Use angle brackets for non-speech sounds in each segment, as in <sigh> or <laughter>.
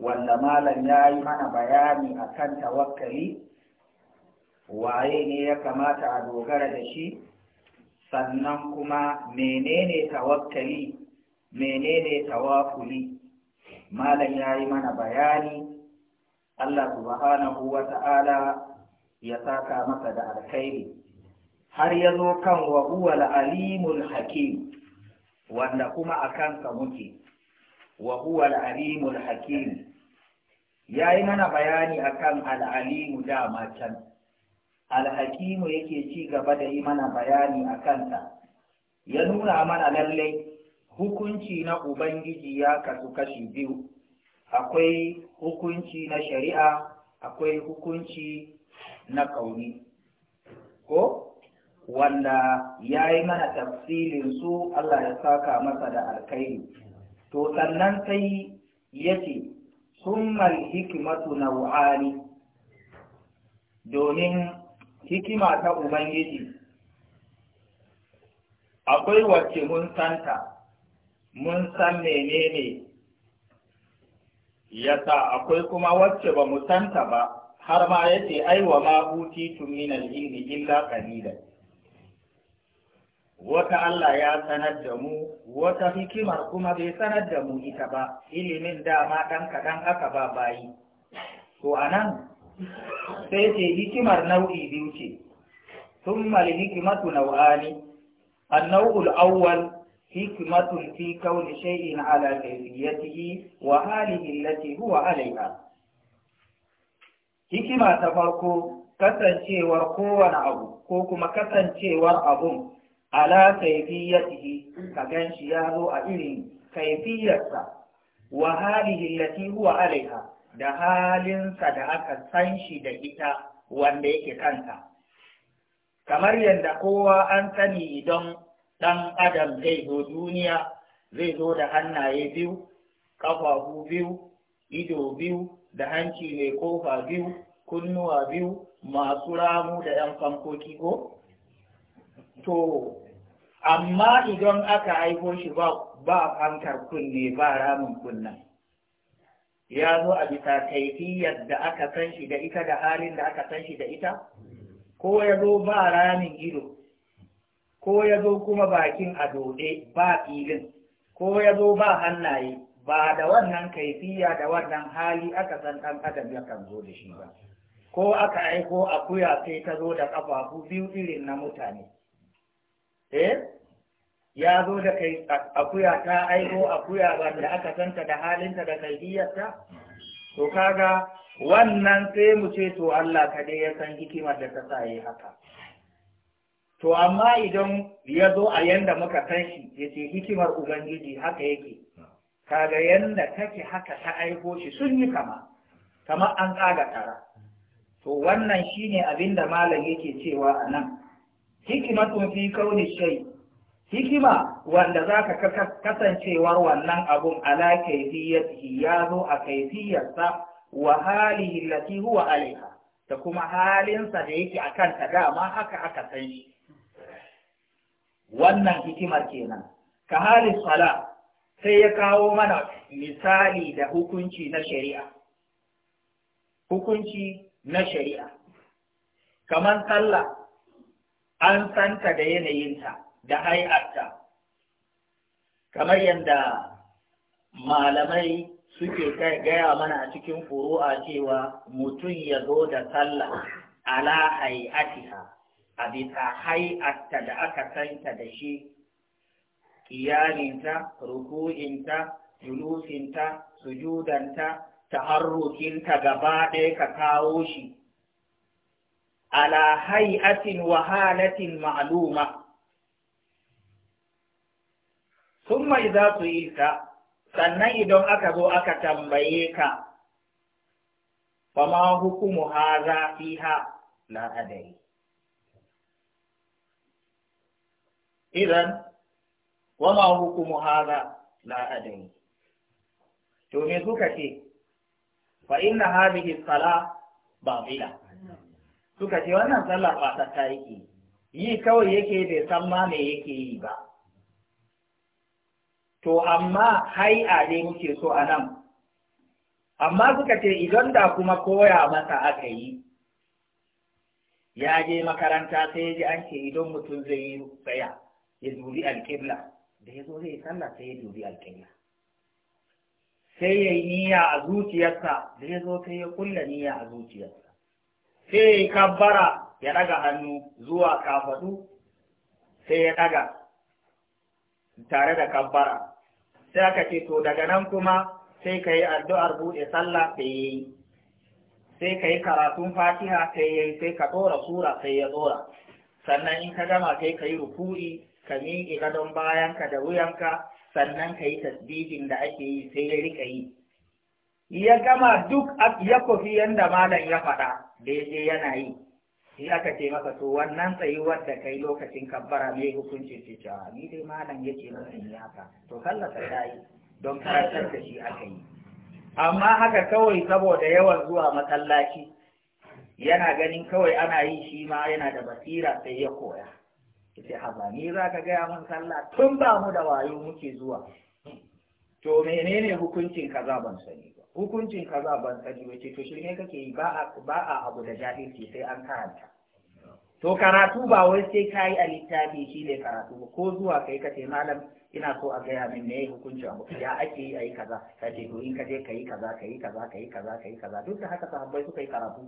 wanda malam ya yi mana bayani a kan tawakkali waye ne ya kamata a dogara da shi sannan kuma menene tawakkali menene tawakuli malam ya yi mana bayani Allah subhanahu wa ta'ala ya saka masa da alkhairi har ya zo kan wa alimul hakim wanda kuma a kansa muke wa huwa al-alimul hakim yi mana bayani akan al-alimu dama can al-hakimu yake ci gaba da yi mana bayani akan ta ya nuna mana lallai hukunci na ubangiji ya kasu kashi biyu akwai hukunci na shari'a akwai hukunci na kauni ko wanda ya yi mana tafsilin su Allah ya saka masa da alkhairi. to sannan sai ya ce summal hikimatu na wuhari domin hikima ta ubangiji akwai wacce mun santa mun san menene ya sa akwai kuma wacce ba mu santa ba har ma ya aiwa ma tun min al-ilmi illa qalilan wata Allah ya sanar da mu wata hikimar kuma bai sanar da mu ita ba ilimin dama ɗan kaɗan aka ba bayi to a nan sai ce hikimar nau'i biyu ce sun mali hikimatu nau'ani annau'ul awwal hikimatun fi kauni shay'in ala kayfiyatihi wa halihi allati huwa alaiha hikima ta farko kasancewar kowane abu ko kuma kasancewar abun ala kaifiyatihi ka gan shi ya zo a irin kaifiyarsa wa halihi lati huwa alaiha da halinsa da aka san shi da ita wanda yake kanta kamar yadda kowa an sani don ɗan adam zai zo duniya zai zo da hannaye biyu ƙafafu biyu ido biyu da hanci mai kofa biyu kunnuwa biyu masu ramu da 'yan fankoki ko to amma idan aka haifo shi ba ba hankar kunne ba ramin kunnan ya zo a bisa kaifiyar da aka san shi da ita da halin da aka san shi da ita ko ya zo ba ramin ido ko ya zo kuma bakin a dode ba filin ko ya zo ba hannaye ba da wannan kaifiya da wannan hali aka san ɗan adam kan zo da shi ba ko aka aiko akuya sai ta zo da ƙafafu biyu irin na mutane eh ya zo da kai akuya ta aiko akuya ba da aka santa da halinta da kaidiyarta to kaga wannan sai mu ce to Allah ka dai ya san hikimar da ta sa yi haka to amma idan ya zo a yanda muka san shi ya ce hikimar ubangiji haka yake kaga yanda take haka ta aiko shi sun yi kama kamar an tsaga tara to wannan shine abinda malam yake cewa a nan hikimatun fi kauni shai hikima wanda za ka kasancewar wannan abun ala ya zo a kaifiyarsa wa halihi lati huwa alaiha da kuma halinsa da yake a kanta dama haka aka san shi wannan hikimar kenan ka halin sala sai ya kawo mana misali da hukunci na shari'a hukunci na shari'a kamar sallah an santa da yanayinta da hai'arta kamar yadda malamai suke gaya mana a cikin furu'a cewa mutum ya zo da sallah ala hai'atiha a bisa hai'arta da aka santa da shi kiyaninta ruku'inta julusinta sujudanta taharrukinta gaba ɗaya ka kawo shi ala hai'atin wahalatin ma'aluma sun mai za su yi ka sannan idan aka zo aka tambaye ka ma hukumu haza fiha na adari idan ma hukumu haza na adari to me suka ce fa inna hadhihi sala batila suka ce wannan sallah ba ta yake yi kawai yake bai san ma me yake yi ba to amma hai'a ne muke so a nan amma suka ce idan da kuma koya masa aka yi ya je makaranta sai ya ji an ce idan mutum zai yi tsaya ya dubi alƙibla da ya zo zai sallah sai ya dubi alƙibla sai ya yi niyya a zuciyarsa da ya zo sai ya kulla niyya a zuciyarsa sai ya yi kabbara ya daga hannu zuwa kafaɗu sai ya daga tare da kabbara sai aka ce to daga nan kuma sai ka yi addu'ar buɗe sallah sai yi sai ka yi karatun fatiha sai ya yi sai ka tsora sura sai ya tsora sannan in ka gama sai ka yi ruku'i ka miƙe gadon bayanka da wuyanka sannan ka yi tasbihin da ake yi sai ya rika yi ya gama duk ya kofi yanda malam ya faɗa daidai yana yi shi aka ce maka to wannan tsayuwar da kai lokacin kabbara mai hukuncin ce cewa ni dai malam yake ce haka to sallasa ta yi don karantar da shi aka yi amma haka kawai saboda yawan zuwa masallaci yana ganin kawai ana yi shi ma yana da basira sai ya koya ce haza ni za ka gaya mun sallah tun ba mu da wayo muke zuwa to menene hukuncin kaza ban sani ba hukuncin kaza ban sani ba ce to shirme kake yi ba a abu da jahilci sai an karanta to karatu ba wai sai ka yi a littafi shi ne karatu ba ko zuwa kai ka ce malam ina so a gaya min me hukuncin abu ya ake yi a yi kaza ka ce to in ka je ka yi kaza ka yi kaza ka yi kaza ka yi kaza duk da haka sahabbai suka yi karatu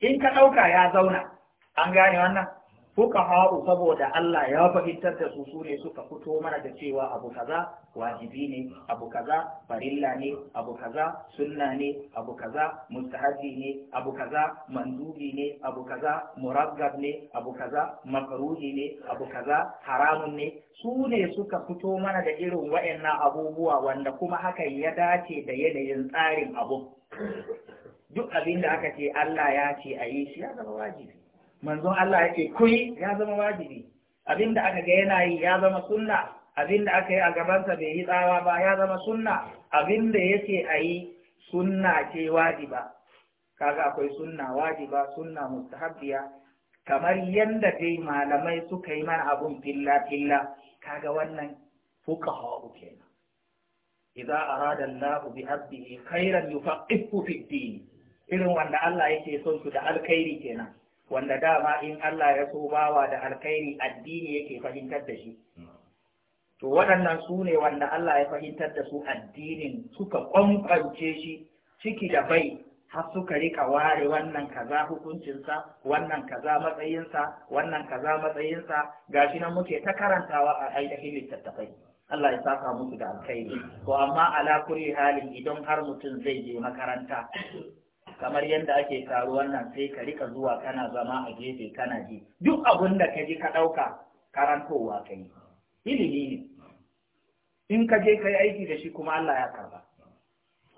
in ka ɗauka ya zauna an gane wannan fuka haru saboda Allah ya fahimtar da su su ne suka fito mana da cewa abu kaza wajibi ne abu kaza farilla ne abu kaza sunna ne abu kaza mustahabi ne abu kaza mandubi ne abu kaza muraggab ne abu kaza makruhi ne abu kaza haramun ne su ne suka fito mana da irin waɗannan abubuwa wanda kuma hakan ya dace da yanayin tsarin abu duk abin da aka ce Allah ya ce a yi shi ya zama wajibi manzon Allah yake kuyi ya zama wajibi abinda aka ga yana yi ya zama sunna abinda aka yi a gabansa bai yi tsawa ba ya zama sunna abinda yake a yi sunna ce wajiba kaga akwai sunna wajiba sunna mustahabbiya kamar yadda dai malamai suka yi mana abun filla filla kaga wannan fuqaha kenan idza arada Allah bi abdihi khairan yufaqihu fi din irin wanda Allah yake son su da alkhairi kenan wanda dama in Allah ya so bawa da alkhairi addini yake fahimtar da shi to waɗannan su ne wanda Allah ya fahimtar da su addinin suka kwankwance shi ciki da bai har suka rika ware wannan kaza hukuncinsa wannan kaza matsayinsa wannan kaza matsayinsa gashi nan muke ta karantawa a ainihin littattafai Allah ya saka musu da alkhairi to amma ala kulli halin idan har mutum zai je makaranta kamar yadda ake taruwan nan sai ka rika zuwa kana zama a gefe kana ji duk abin da ka ji ka ɗauka karantowa ka yi ilimi ne in ka je ka yi aiki da shi kuma Allah ya karba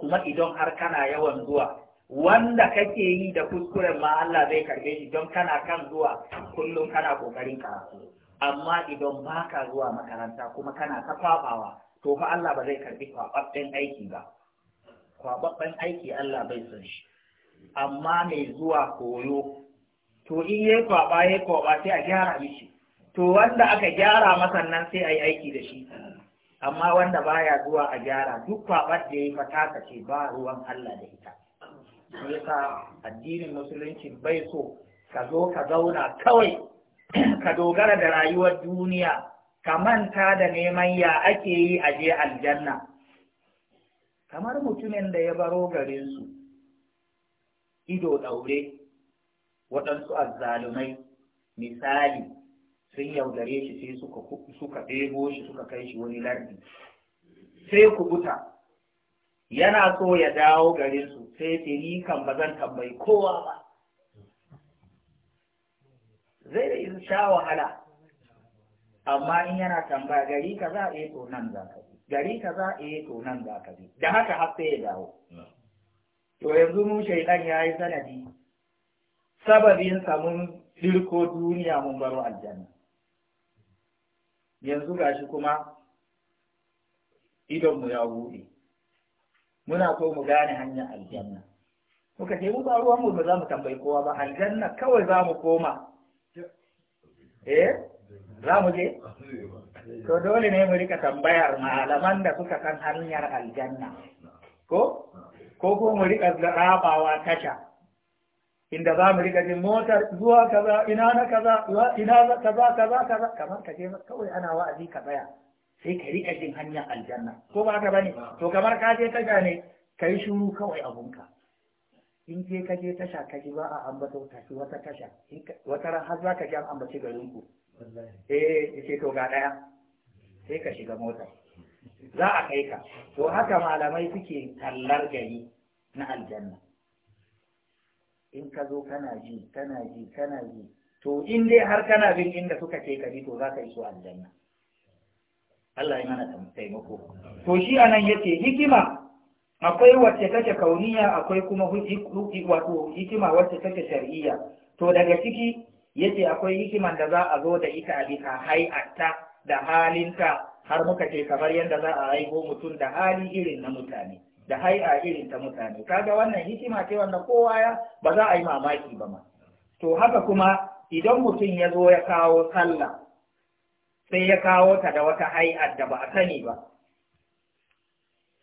kuma idan har kana yawan zuwa wanda kake yi da kuskuren ma Allah zai karbe shi don kana kan zuwa kullum kana kokarin karatu amma idan baka zuwa makaranta kuma kana ta kwabawa to fa Allah ba zai karbi kwababben aiki ba kwababben aiki Allah bai son shi amma mai zuwa koyo to in ya kwaba ya kwaba sai a gyara mishi to wanda aka gyara masa nan sai a yi aiki da shi amma wanda baya zuwa a gyara duk kwabar da ya yi kace ce ba ruwan Allah da ita yasa addinin musulunci bai so ka zo ka zauna kawai <clears throat> ka dogara da rayuwar duniya ka manta da neman ya ake yi a je aljanna kamar mutumin da ya baro garinsu ido ɗaure waɗansu azzalumai misali sun yaudare shi sai suka ɗebo shi suka kai shi wani lardi sai kubuta yana so ya dawo garinsu sai ce ni kan ba zan tambayi kowa ba zai da isa sha wahala amma in yana tambaya gari ka za yi eh to nan za ka bi gari ka za yi eh to nan za ka bi da haka har sai ya dawo to yanzu mu shaidan ya yi sanadi sababin mun dirko duniya mun baro aljanna yanzu gashi kuma idonmu ya buɗe muna so mu gane hanyar aljanna muka ce mu ba ruwan mu ba za mu tambayi kowa ba aljanna kawai za mu koma eh za mu je to dole ne mu rika tambayar malaman da suka san hanyar aljanna ko ko ko mu riƙa rabawa tasha inda za mu riƙa jin motar zuwa kaza ina na kaza ina za kaza kaza kaza kamar ka je kawai ana wa'azi ka tsaya sai ka riƙa jin hanyar aljanna ko ba ka bane to kamar ka je tasha ne ka yi shuru kawai abunka in je ka je tasha ka ji ba a ambata wata wata tasha wata ran har za ka ji an ambaci garin ku eh ce to ga ɗaya sai ka shiga motar za a kai ka to haka malamai suke kallar gari na aljanna in ka zo kana ji kana ji kana ji to in dai har kana bin inda suka ce ka to za ka iso aljanna Allah ya mana taimako to shi anan yace hikima akwai wacce take kauniya akwai kuma wato hikima wacce take shar'iyya to daga ciki yace akwai hikiman da za a zo da ita a ka hai'atta da halinta har muka ce kamar yadda za a haihu mutum da hali irin na mutane da hai'a irin ta mutane kaga wannan hikima ce wanda kowa ya ba za a yi mamaki ba ma to haka kuma idan mutum ya zo ya kawo sallah sai ya kawo ta da wata hai'ar da ba a sani ba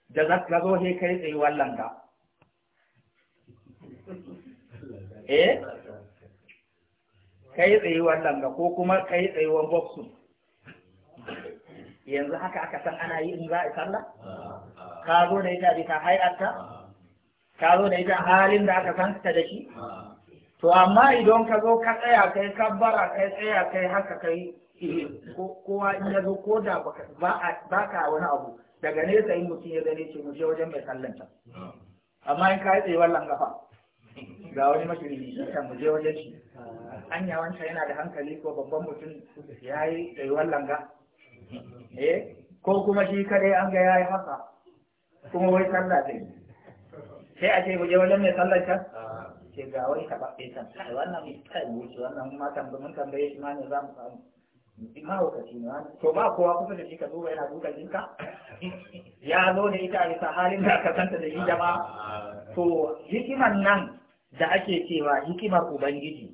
da za zo sai kai tsaye wallan ka eh kai tsaye wallan ka ko kuma kai wan boxing yanzu haka aka san ana yi in za a salla ah, ah. ka zo da ita bisa hayarta ah. ka zo da ita halin da aka san ta da shi to amma idan ka zo ka tsaya kai kabbara kai tsaya kai haka kai kowa in ya zo ko da ba ka wani abu daga nesa in mutum ya gane ce mu je wajen mai sallanta amma in ka yi tsaye wallan gafa ga wani shi kan mu je wajen shi anya wancan yana da hankali ko babban mutum ya yi tsaye wallan gafa eh ko kuma shi kadai an ga yayi haka kuma wai sallah ta sai a ce je wajen mai sallar ta, ce ga wani taɓaɓɓe can sai wannan kai wuce wannan ma tambaye mun tambaye shi ma ne za mu samu ma shi ne to ba kowa kusa da shi ka duba yana duka jinka ya zo da ita a bisa halin da aka santa da shi jama'a to hikiman nan da ake cewa hikimar ubangiji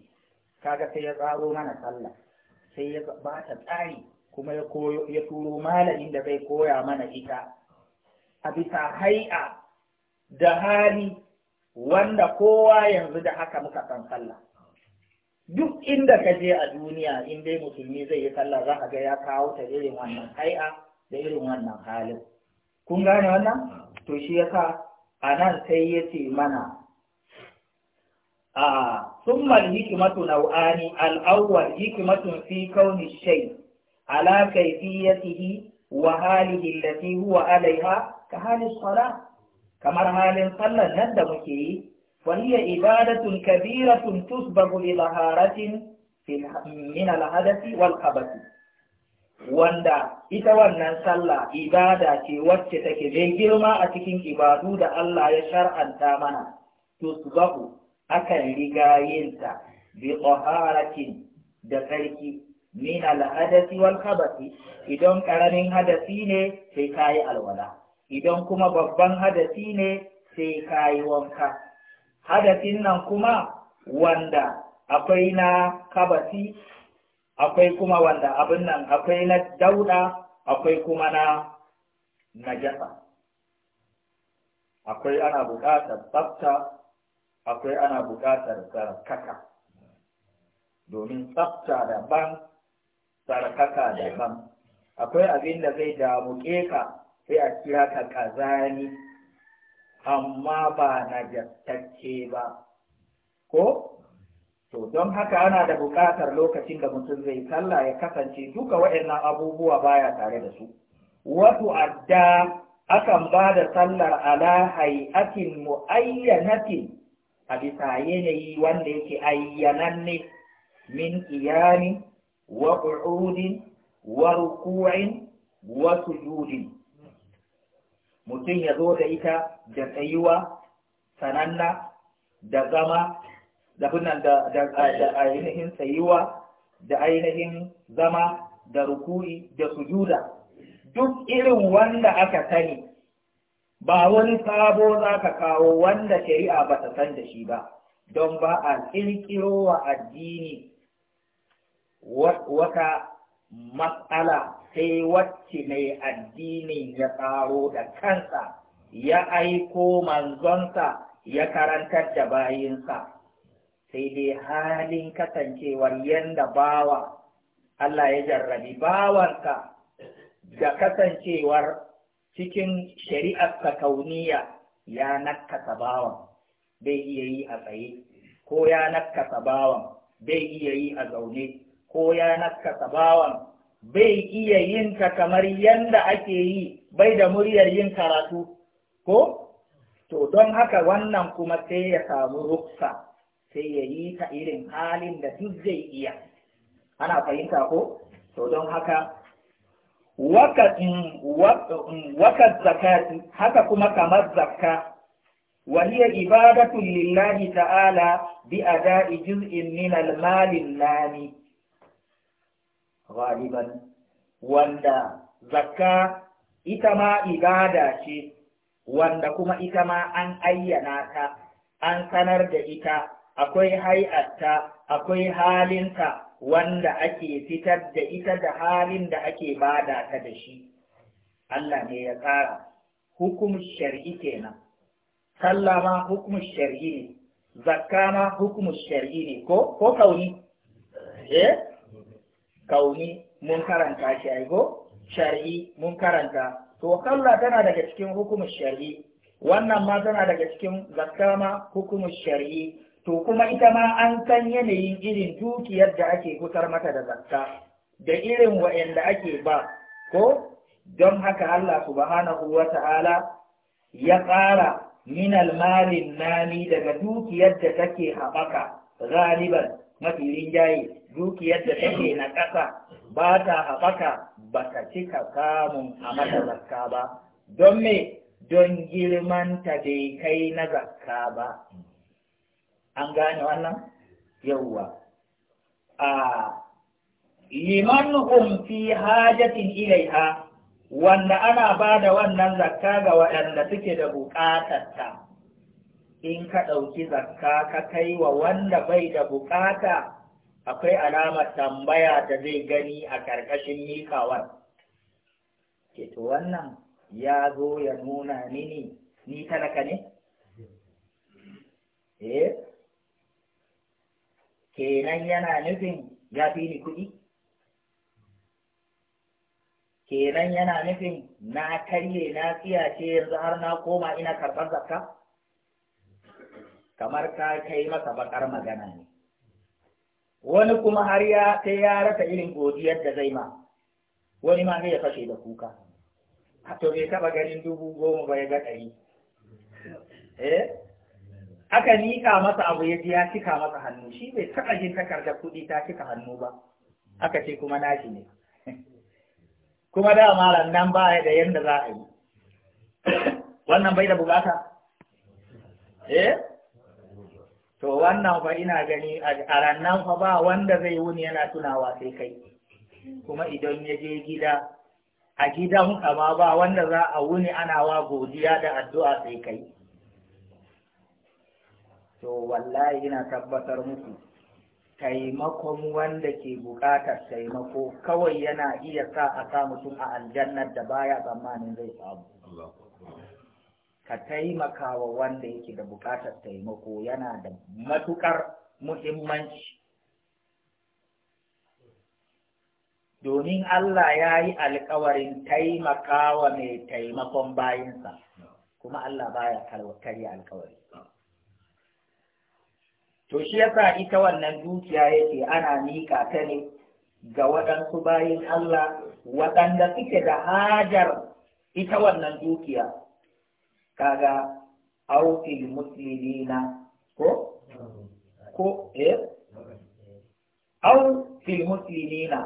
kaga sai ya tsaro mana sallah sai ya ba ta tsari kuma ya koyo turo malamin da zai koya mana ita a bisa hai'a da hali wanda kowa yanzu da haka muka san sallah duk inda ka je a duniya in dai musulmi zai yi sallah za a ga ya kawo ta irin wannan hai'a da irin wannan halin kun gane wannan to shi yasa a nan sai ya ce mana a summal hikimatu nau'ani al'awwal hikimatun fi kauni shay ala kaifiyatihi wa halihi allati huwa alaiha ka halin sala kamar halin sallar nan da muke yi wa hiya ibadatun kabiratun tusbahu li laharatin min al-hadathi wal khabathi wanda ita wannan sallah ibada ce wacce take mai girma a cikin ibadu da Allah ya shar'anta mana tusbahu akan riga yinta bi taharatin da tsarki min al'adasi wal khabasi idan karamin hadasi ne sai yi alwala idan kuma babban hadasi ne sai yi wanka hadasin nan kuma wanda akwai na kabasi akwai kuma wanda abin nan akwai na dauda akwai kuma na najasa akwai ana buƙatar tsafta akwai ana buƙatar tsarkaka domin tsafta daban sarkaka daban akwai abin da zai damuke ka sai a kira ka kazani amma ba na jattacce ba ko to don haka ana da buƙatar lokacin da mutum zai sallah ya kasance duka waɗannan abubuwa baya tare da su wasu adda akan ba da sallar ala hay'atin muayyanatin a bisa yanayi wanda yake ayyananne min iyani warukuwa'in wasu وسجود mutum ya zo da ita da tsayuwa sananna da zama da binan da ainihin tsayuwa da ainihin zama da rukuri da sujuda duk irin wanda aka sani ba wani sabo za ka kawo wanda shari'a ba ta san da shi ba don ba a ƙirƙiro wa addini wata matsala sai wacce mai addinin ya tsaro da kansa ya aiko manzonsa ya karantar da bayinsa sai dai halin kasancewar yadda bawa Allah ya jarrabi bawansa da kasancewar cikin shari'ar sakauniya ya nakasa bawan bai iya yi a tsaye ko ya nakasa bawan bai iya yi a zaune ko ya naska bawan bai iya yin ta kamar yanda ake yi bai da muryar yin karatu ko to don haka wannan kuma sai ya samu ruksa sai ya yi ta irin halin da duk zai iya ana fahimta ko to don haka wakat zakati haka kuma kamar zakka وهي عبادة لله تعالى بأداء جزء من المال اللامي ghaliban wanda zakka ita ma ibada ce wanda kuma ita ma an ayyana ta an sanar da ita akwai hai'atta akwai halinta wanda ake fitar da ita da halin da ake bada ta da shi Allah ne ya tsara hukumin shar'i kenan sallah ma hukumin shar'i ne zakka ma hukumin shar'i ne ko ko kauni eh kauni mun karanta shi aigo shar'i mun karanta to Allah tana daga cikin hukumin shar'i wannan ma tana daga cikin zakka ma hukumin shar'i to kuma ita ma an san yanayin irin dukiyar da ake kutar mata da zakka da irin wa'anda ake ba ko don haka Allah subhanahu wa ta'ala ya ƙara min almalin nami daga dukiyar da take haɓaka galiban mafi rinjaye dukiyar da take na ƙasa ba ta haɓaka ba ta cika kamun a mata zakka ba don me don girmanta bai kai na zakka ba an gane wannan yauwa a limanukum fi hajatin ilaiha wanda ana ba da wannan zakka ga waɗanda suke da buƙatarta in ka ɗauki zakka ka kai wa wanda bai da bukata akwai alama tambaya da zai gani a ƙarƙashin mikawar. Ke to wannan ya zo ya nuna mini ni talaka ne? Eh? Kenan yana nufin ya fi ni kuɗi? Kenan yana nufin na karye na tsiyace yanzu har na koma ina karɓar zakka? kamar ka kai masa bakar magana ne wani kuma har ya ta ya rasa irin godiyar da zai ma wani ma zai fashe da kuka a to bai taba ganin dubu goma ba ya ga ɗari eh aka nika masa abu ya ji ya cika masa hannu shi bai taɓa jin takardar kuɗi ta cika hannu ba aka ce kuma nashi ne <laughs> kuma da malam nan ba da yadda za a yi <coughs> wannan bai da bukata eh to wannan fa ina gani a rannan fa ba wanda zai wuni yana tunawa sai kai kuma idan ya je gida a gidan ma ba wanda za a wuni ana wa godiya da addu'a sai kai to wallahi ina tabbatar muku taimakon wanda ke buƙatar taimako kawai yana iya sa a sa mutum a aljannar da baya tsammanin zai samu ka taimaka wa wanda yake da buƙatar taimako yana da matuƙar muhimmanci domin Allah ya yi alkawarin taimaka wa mai taimakon bayinsa kuma Allah baya karya alkawari to shi yasa ita wannan dukiya yake ana mika ta ne ga waɗansu bayin Allah waɗanda suke da hajar ita wannan dukiya kaga il muslimina ko ko eh au fil muslimina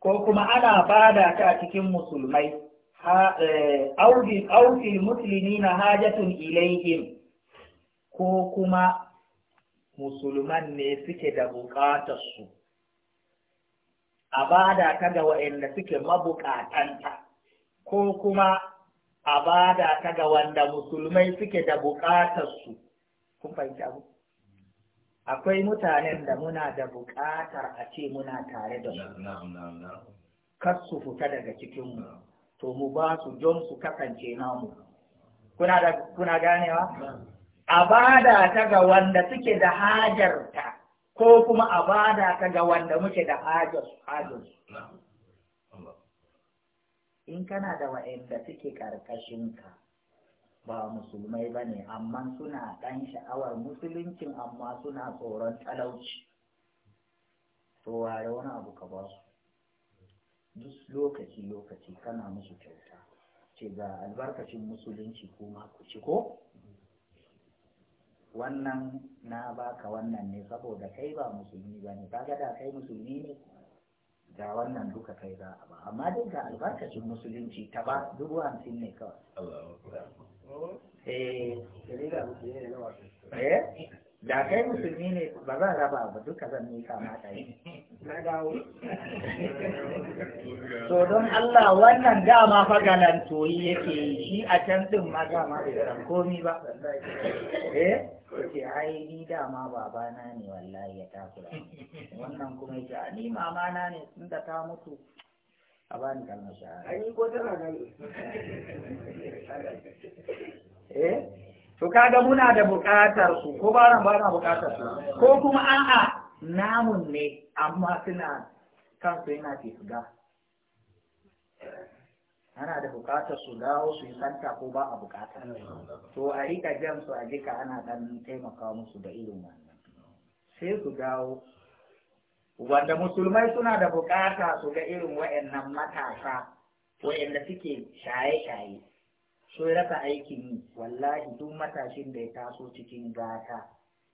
ko kuma ana bada ta cikin musulmai eh, au fil muslimina hajatun ilaihim ko kuma musulman ne suke da buƙatar su a bada ta ga waɗanda suke mabukatanta ko kuma a bada ta ga wanda musulmai suke da su kun fahimci abu akwai mutanen da muna da buƙatar a ce muna tare da su kar su fita daga cikinmu to mu ba su don su kasance namu kuna da kuna ganewa a bada ta ga wanda suke da hajarta ko kuma a bada ta ga wanda muke da hajar hajar in kana da wa'anda suke ka ba musulmai ba ne amma suna ɗan sha'awar musuluncin amma suna tsoron talauci to ware wani abu ka ba su duk lokaci lokaci kana musu kyauta ce ga albarkacin musulunci kuma ku ci ko wannan na baka wannan ne saboda kai ba musulmi ba ne kaga da kai musulmi ne ga wannan duka kai za a ba amma dai ga albarkacin musulunci ta ba dubu hamsin ne kawai eh, eh da kai musulmi ne ba a raba ba duka zan yi kama ta yi so don Allah wannan dama fa galantoyi yake yi shi a can din ma dama bai san komi ba eh yake ai ni dama babana ne wallahi ya takura wannan kuma yake ni mamana ne sun da ta mutu a bani kalmar shahara. An yi ko tana nan eh to kaga muna da buƙatar su ko ba ran ba na buƙatar su ko kuma a'a namun ne amma suna kansu yana ke shiga ana da bukatar su dawo su yi santa ko ba a bukata to a rika jan su a jika ana dan taimaka musu da irin wannan sai su dawo wanda musulmai suna da bukata su ga irin wa'annan matasa wa'anda suke shaye-shaye so rasa aikin yi wallahi duk matashin da ya taso cikin gata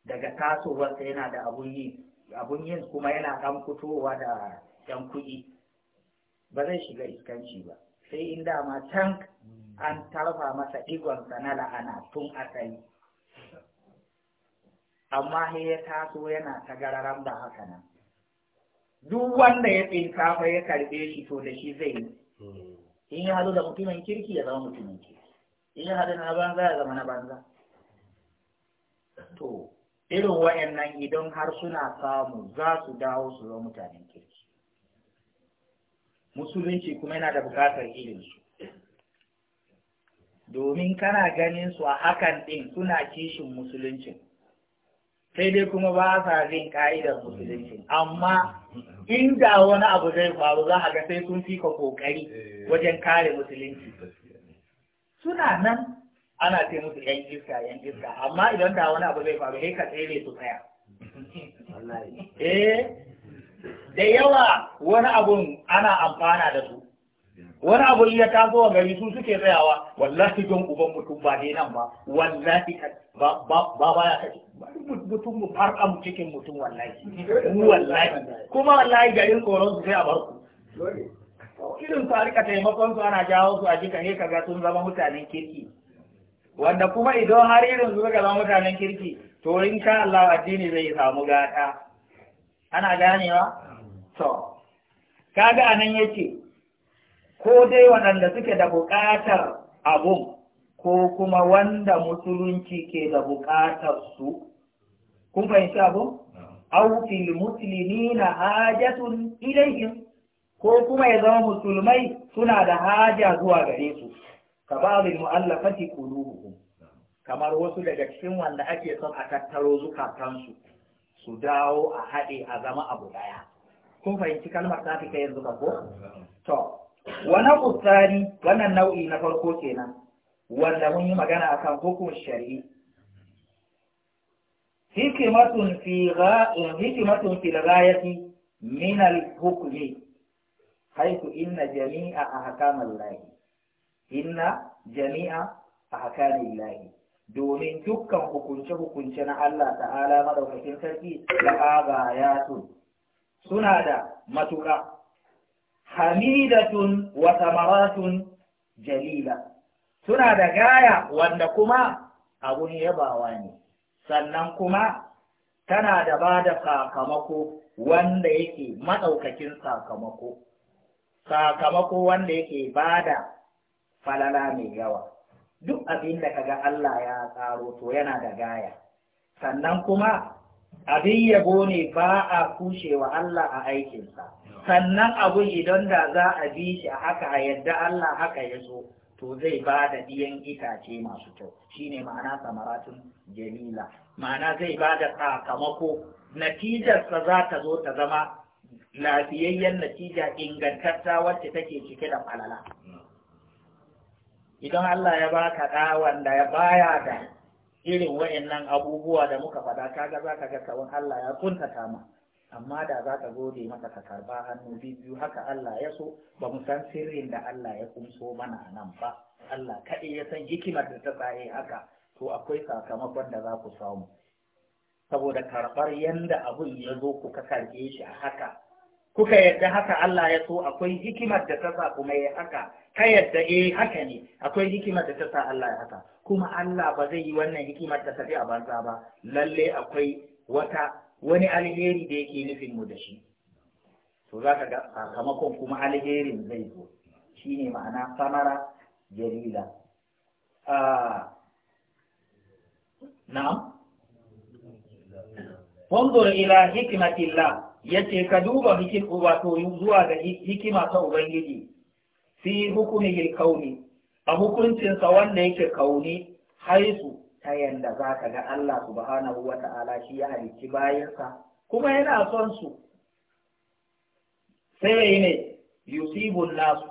daga tasowarsa yana da abun yi abun yin kuma yana dan fitowa da yan kuɗi ba zai shiga iskanci ba sai in dama can mm. an tarfa masa igonsa na la'ana tun asali amma sai ya taso yana ta gararan da haka nan duk wanda ya tsinka fa ya karbe shi to da shi zai yi mm. in ya hadu da mutumin kirki ya zama mutumin kirki in ya hadu na banza ya zama na banza to irin wa'annan idan har suna samu za su dawo su zama mutanen kirki musulunci kuma yana da bukatar ilinsu domin kana ganin su a hakan ɗin suna kishin musuluncin sai dai kuma ba sa zin ka'idar musulunci amma inda wani abu zai faru za a ga sai sun fika kokari wajen kare musulunci suna nan ana ce musu yan iska yan iska amma idan da wani abu zai faru sai ka tsere su tsaya eh da yawa wani abun ana amfana da su wani abu ya taso a gari su suke tsayawa wallahi don uban mutum ba dai nan ba wallahi ba ba ya kace mutum mu har mu cikin mutum wallahi mu wallahi kuma wallahi garin koron su sai a barku irin su harika taimakon su ana jawo su a jika ne kaga sun zama mutanen kirki wanda kuma idan har irin su zama mutanen kirki to in sha Allah addini zai samu gata ana ganewa to kaga anan yace ko dai waɗanda suke da buƙatar abun ko kuma wanda musulunci ke da buƙatar su kun fahimci abun aw fil muslimina hajatun ilayhim ko kuma ya zama musulmai suna da haja zuwa gare su ka ba'dil mu'allafati kamar wasu daga cikin wanda ake son a tattaro zukatansu su dawo a haɗe a zama abu daya kun fahimci kalmar ta kai yanzu ka ko to wannan ustari wannan nau'i na farko kenan wanda mun yi magana kan kan shari'i hikimatun fi hukumi fil ghayati min al hukmi inna jami'a a inna jami'a domin dukkan hukunce-hukunce na Allah ta'ala maɗaukakin sarki da ya so, suna da matuƙa hamidatun wa samaratun jalila suna da gaya wanda kuma abun yabawa ne sannan kuma tana da ba da sakamako wanda yake maɗaukakin sakamako sakamako wanda yake ba da falala mai yawa duk abin da kaga Allah ya tsaro to yana da gaya sannan kuma abin yabo ne ba a kushewa Allah a aikinsa sannan abu idan da za a bi shi a haka a yadda Allah haka ya so to zai ba da ɗiyan itace masu kyau shine ma'ana samaratun jalila ma'ana zai ba da sakamako natijarsa za ta zo ta zama lafiyayyen natija ingantatta wacce take cike da falala hmm. idan Allah ya baka ɗa wanda ya baya da irin wa'annan abubuwa da muka faɗa kaga za ka ga kawun Allah ya ta ma amma da za ka gode masa ka karba hannu biyu haka Allah ya so ba mu san sirrin da Allah ya kunso mana a nan ba Allah kaɗai ya san hikimar da ta tsaye haka to akwai sakamakon da za ku samu saboda karɓar yanda abun ya zo ku ka karɓe shi a haka kuka yadda haka Allah ya so akwai hikimar da ta sa kuma ya haka ka yadda eh haka ne akwai hikimar da ta sa Allah ya haka kuma Allah ba zai yi wannan hikimar ta tafi a banza ba lalle akwai wata wani alheri da yake nufin mu da shi to za ka ga sakamakon kuma alherin zai zo shine ma'ana samara jarila ah, na'am wanzur ila hikmatillah yace ka duba hikim wato zuwa ga hikima ta ubangiji fi hukumihil kauni a hukuncinsa wanda yake kauni haisu ta yanda za ka ga Allah subhanahu wa ta'ala shi ya halicci bayansa kuma yana son su sai ne yusibun nasu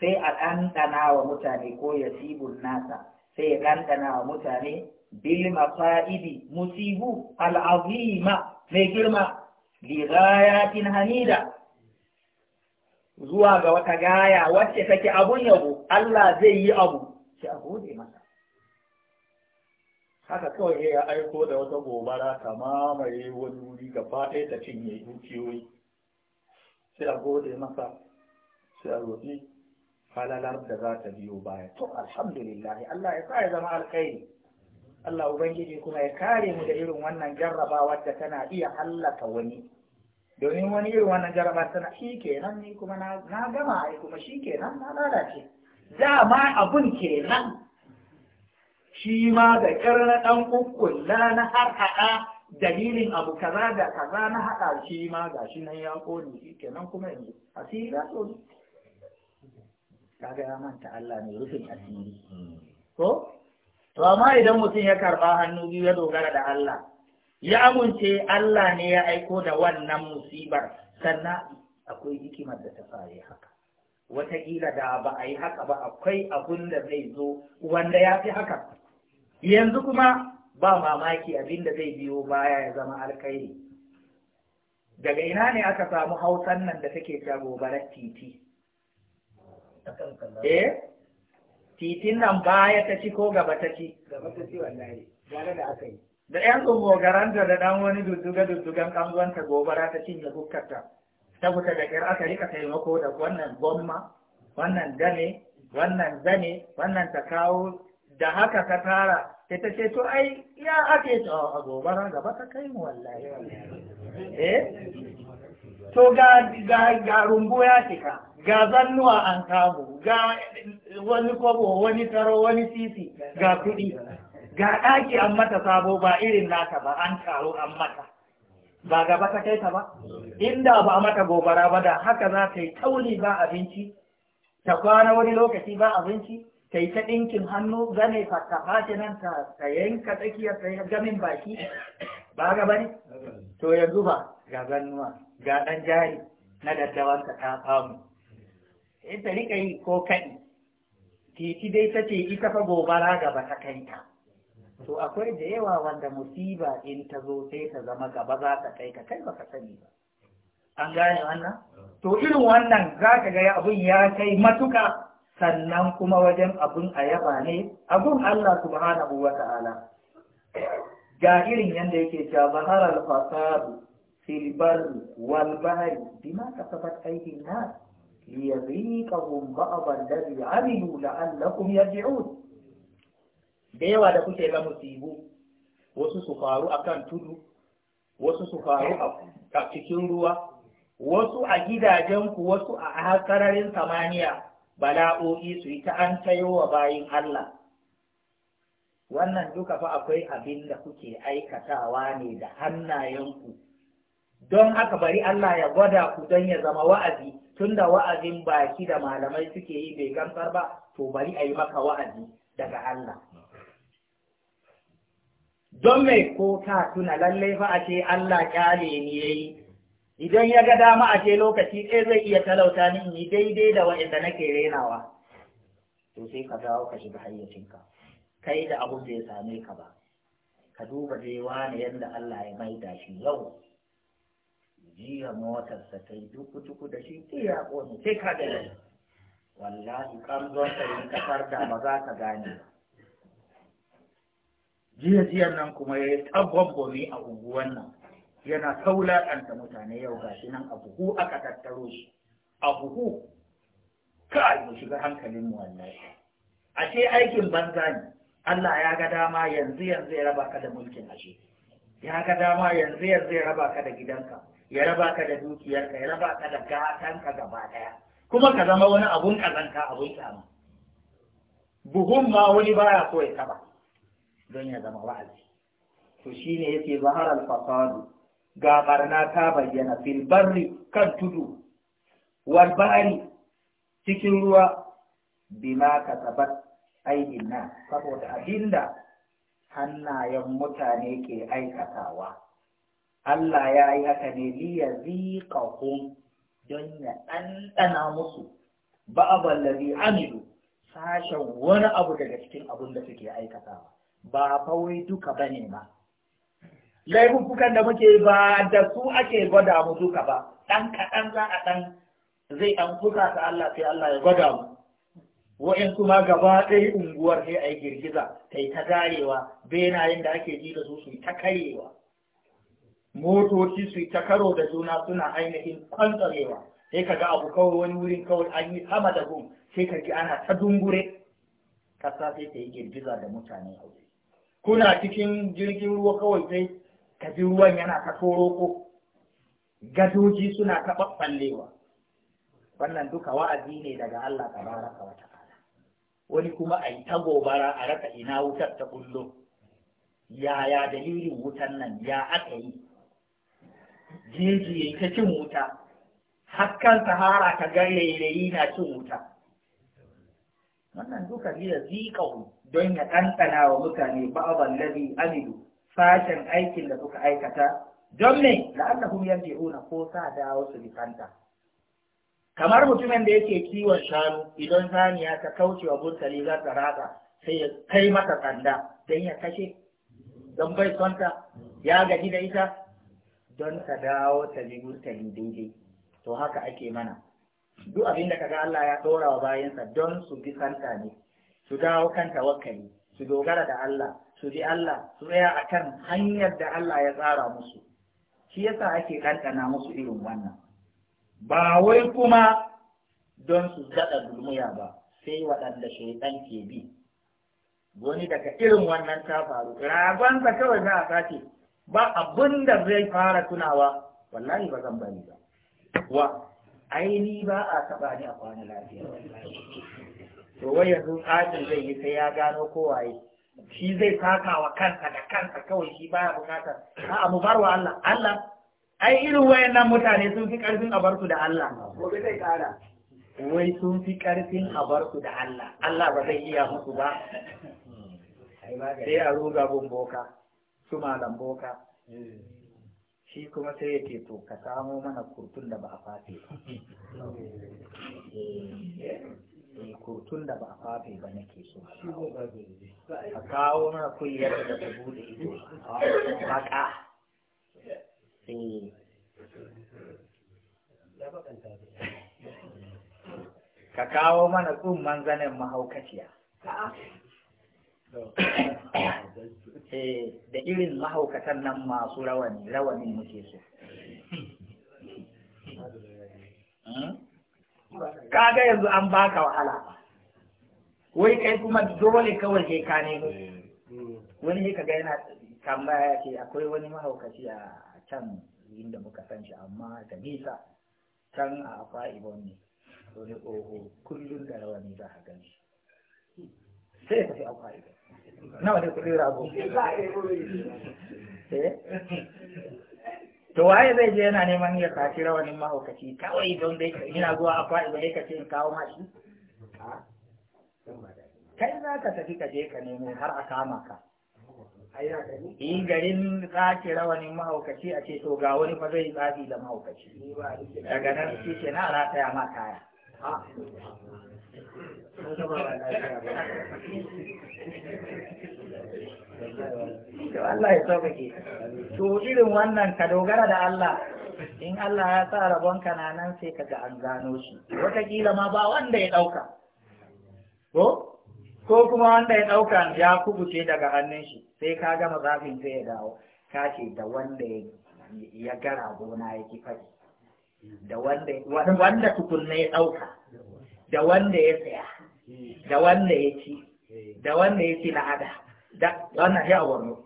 sai a ɗanɗana wa mutane ko ya sibun nasa sai ya ɗanɗana wa mutane bil mafa'idi musibu al'azima mai girma li hanida hamida zuwa ga wata gaya wacce take abun yabo Allah zai yi abu ki a gode masa haka kawai ya aiko da wata gobara ta mamaye wani wuri ga ɗaya ta cinye dukiyoyi sai a gode masa sai a roƙi falalar da za ta biyo baya to alhamdulillah Allah ya sa ya zama alkhairi Allah Ubangiji kuma ya kare mu da irin wannan jarrabawar da tana iya hallaka wani domin wani irin wannan jaraba tana shi nan ni kuma na gama ai kuma shi nan na lalace dama abun kenan shi ma da kyar na ɗan kukkulla na har haɗa dalilin abu kaza da kaza na haɗa shi ma ga shi nan ya ƙone shi nan kuma yanzu asiri ya ƙone kaga ya manta Allah ne rufin asiri hmm. ko to amma idan mutum ya karɓa hannu biyu ya dogara da Allah ya amince Allah ne ya aiko da wannan musibar sannan akwai hikimar da ta faru haka wataƙila da ba a yi haka ba akwai abun da zai zo wanda ya fi haka yanzu kuma ba mamaki abin da zai biyo baya ya zama alkhairi daga ina ne aka samu hausan nan da take ta gobarar titi eh titin nan baya ta ci ko gaba ta ci gaba ta ci wallahi gare da aka yi da ‘yan garanta da ɗan wani dudduga-duddugan ta gobara ta cinye bukkarta ta fita da ƙyar aka rika taimako da wannan gomma wannan gane wannan zane wannan ta kawo da haka ka tara sai ta ce to ai ya ake ta oh, a gobara gaba ta kai mu wallahi eh to ga ga ga rumbu ya cika ga zannuwa an kamu ga wani kwabo wani taro wani sisi ga kuɗi ga ɗaki an mata sabo ba irin naka ba an taro an mata ba gaba ka kai ta ba inda ba a mata gobara ba da haka za ta yi tauni ba abinci ta kwana wani lokaci ba abinci ta yi ta ɗinkin hannu zane fata nan ta yanka tsakiyar ta yi gamin baki ba gaba ne to yanzu ba ga ganuwa. ga ɗan jari na daddawan ta samu ita ta riƙa yi ko kaɗi titi dai ta ce ita fa gobara gaba ta kai ta to akwai da yawa wanda musiba in ta zo sai ta zama gaba za ta kai ka kai baka sani ba an gane wannan to irin wannan za ka ga abun ya kai matuka sannan kuma wajen abun a yaba ne Abun Allah subhanahu wa ta'ala ga irin yadda yake cewa zaharar fasad fil bar wal Ya bima kasabat aydin nas liyadhiqahum ba'd alladhi 'amilu la'allakum yarji'un da yawa da kuke ga musibu wasu su faru akan tudu wasu su faru a cikin ruwa wasu a gidajenku wasu a kararin samaniya bala'o'i su yi ta an wa bayin Allah wannan duka fa akwai abin da kuke aikatawa ne da hannayenku don haka bari Allah ya gwada ku don ya zama wa'azi tunda wa'azin baki da malamai suke yi bai gamsar ba to bari a yi maka wa'azi daga Allah don mai ko ta tuna lallai fa a ce Allah kyale ni yayi idan ya ga dama a ce lokaci ɗaya zai iya talauta ni yi daidai da waanda nake renawa to sai ka dawo ka shiga hayyacinka kai da abun da ya same ka ba ka duba dai wani yadda Allah ya maida shi yau jiya motarsa ta yi duku-duku da shi iya ƙone sai ka gani wallahi ƙamzon ta yi kasar da ba za ka gane ba jiya jiyan nan kuma ya ta gwaggwame a unguwan nan yana ta mutane yau gashi nan a buhu aka tattaro shi a buhu kai mu shiga hankalin mu wallahi ashe aikin banza ne Allah ya ga dama yanzu yanzu ya raba ka da mulkin ashe ya ga dama yanzu yanzu ya raba ka da gidanka ya raba ka da dukiyarka ya raba ka da gatanka gaba daya kuma ka zama wani abun kazanta abun kyama buhun ma wani baya so ya taba don ya zama wa'azi to ne yake zahar al-fasadu ga barna ta bayyana fil barri kan tudu wal bari cikin ruwa bima kasabat aidin na saboda abinda hannayen mutane ke aikatawa Allah ya yi haka ne liya zikahum don ya ɗanɗana musu ba'aballazi amilu sashen wani abu daga cikin abin da suke aikatawa ba fawai duka ba ne ba. da muke ba da su ake gwada mu duka ba, ɗan kaɗan za a ɗan zai ɗan kuka ta Allah sai Allah ya gwada mu. Wa'in kuma gaba ɗaya unguwar sai a yi girgiza, ta yi ta garewa, benayen da ake ji da su su ta karewa. Motoci su ta karo da juna suna ainihin kwantsarewa, sai ka ga abu kawai wani wurin kawai an yi sama da gum, sai ka ji ana ta dungure. Kasa sai ta yi girgiza da mutane a wuri. kuna cikin jirgin ruwa kawai sai ka ji ruwan yana ta toroko gadoji suna ta ɓaɓɓallewa wannan duka wa'azi ne daga Allah tabaraka wa ta'ala wani kuma a yi ta gobara a raka ina wutar ta kullo yaya dalilin wutan nan ya aka yi jirgin ta cin wuta hakan sahara ta ga rairayi na cin wuta wannan duka ne da zikawu don ya ɗanɗana wa mutane ba'adhan ladhi amilu sashen aikin da suka aikata don me la'annahum una ko sa dawo su bisanta kamar mutumin da yake kiwon shanu idan saniya ta kauce wa burtali za ta sai ya kai mata tsanda don ya kashe don bai sonta ya gaji da ita don ta dawo ta bi burtali daidai to haka ake mana duk abin da kaga Allah ya ɗora wa bayansa don su bi santa ne su dawo kan tawakkali su dogara da Allah su bi Allah su tsaya akan hanyar da Allah ya tsara musu shi yasa ake kankana musu irin wannan ba wai kuma don su daɗa dulmuya ba sai waɗanda shaitan ke bi wani daga irin wannan ta faru ragonsa kawai za a sace ba abin da zai fara tunawa wallahi ba zan bari ba wa aini ba a taɓa ni a kwana lafiya to wai yanzu tsarin zai yi sai ya gano kowaye shi zai saka wa kansa da kansa kawai shi baya bukatar a'a mu bar wa Allah Allah ai irin wayannan mutane sun fi karfin a barku da Allah gobe zai kara wai sun fi karfin a barku da Allah Allah ba zai iya musu ba sai a ruga gun boka su malam boka shi kuma sai ya ce to ka samo mana kurtun da ba a fate ba <laughs> eh. eh kurtun da ba a fafe ba nake so a kawo mana kuyyar da ta bude ido a eh. ka kawo mana tsumman zanen mahaukaciya eh, da irin mahaukatan nan masu rawani rawanin muke so hmm? kaga yanzu an baka wahala wai kai kuma dole kawai kai ka ne wani ne kaga yana tambaya ce akwai wani mahaukaci a can inda muka san shi amma da nisa can a afa ibon ne wani oho kullum da rawa ne za ka gan shi sai ya tafi afa ibon nawa ne kudin rago to waye zai je yana neman ya kaci rawanin mahaukaci kawai don dai ina zuwa a ba ka ce in kawo mashi kai za ka tafi ka je ka nemo har a kama ka in garin saci rawanin mahaukaci a ce to ga wani fa zai yi tsafi da mahaukaci daga nan shi ke na rataya ma kaya To Allah ya sauƙaƙe. To irin wannan ka dogara da Allah, in Allah ya sa rabon na nan sai ka ga an gano shi, wataƙila ma ba wanda ya ɗauka. Ko? Ko kuma wanda ya ɗauka ya kubuce daga hannun shi, sai ka gama zafin sai ya dawo, ka da wanda ya gara gona ya ki faɗi. da wanda wanda tukunna ya ɗauka da wanda ya saya da wanda ya ci da wanda ya ci la'ada da wannan ya wano,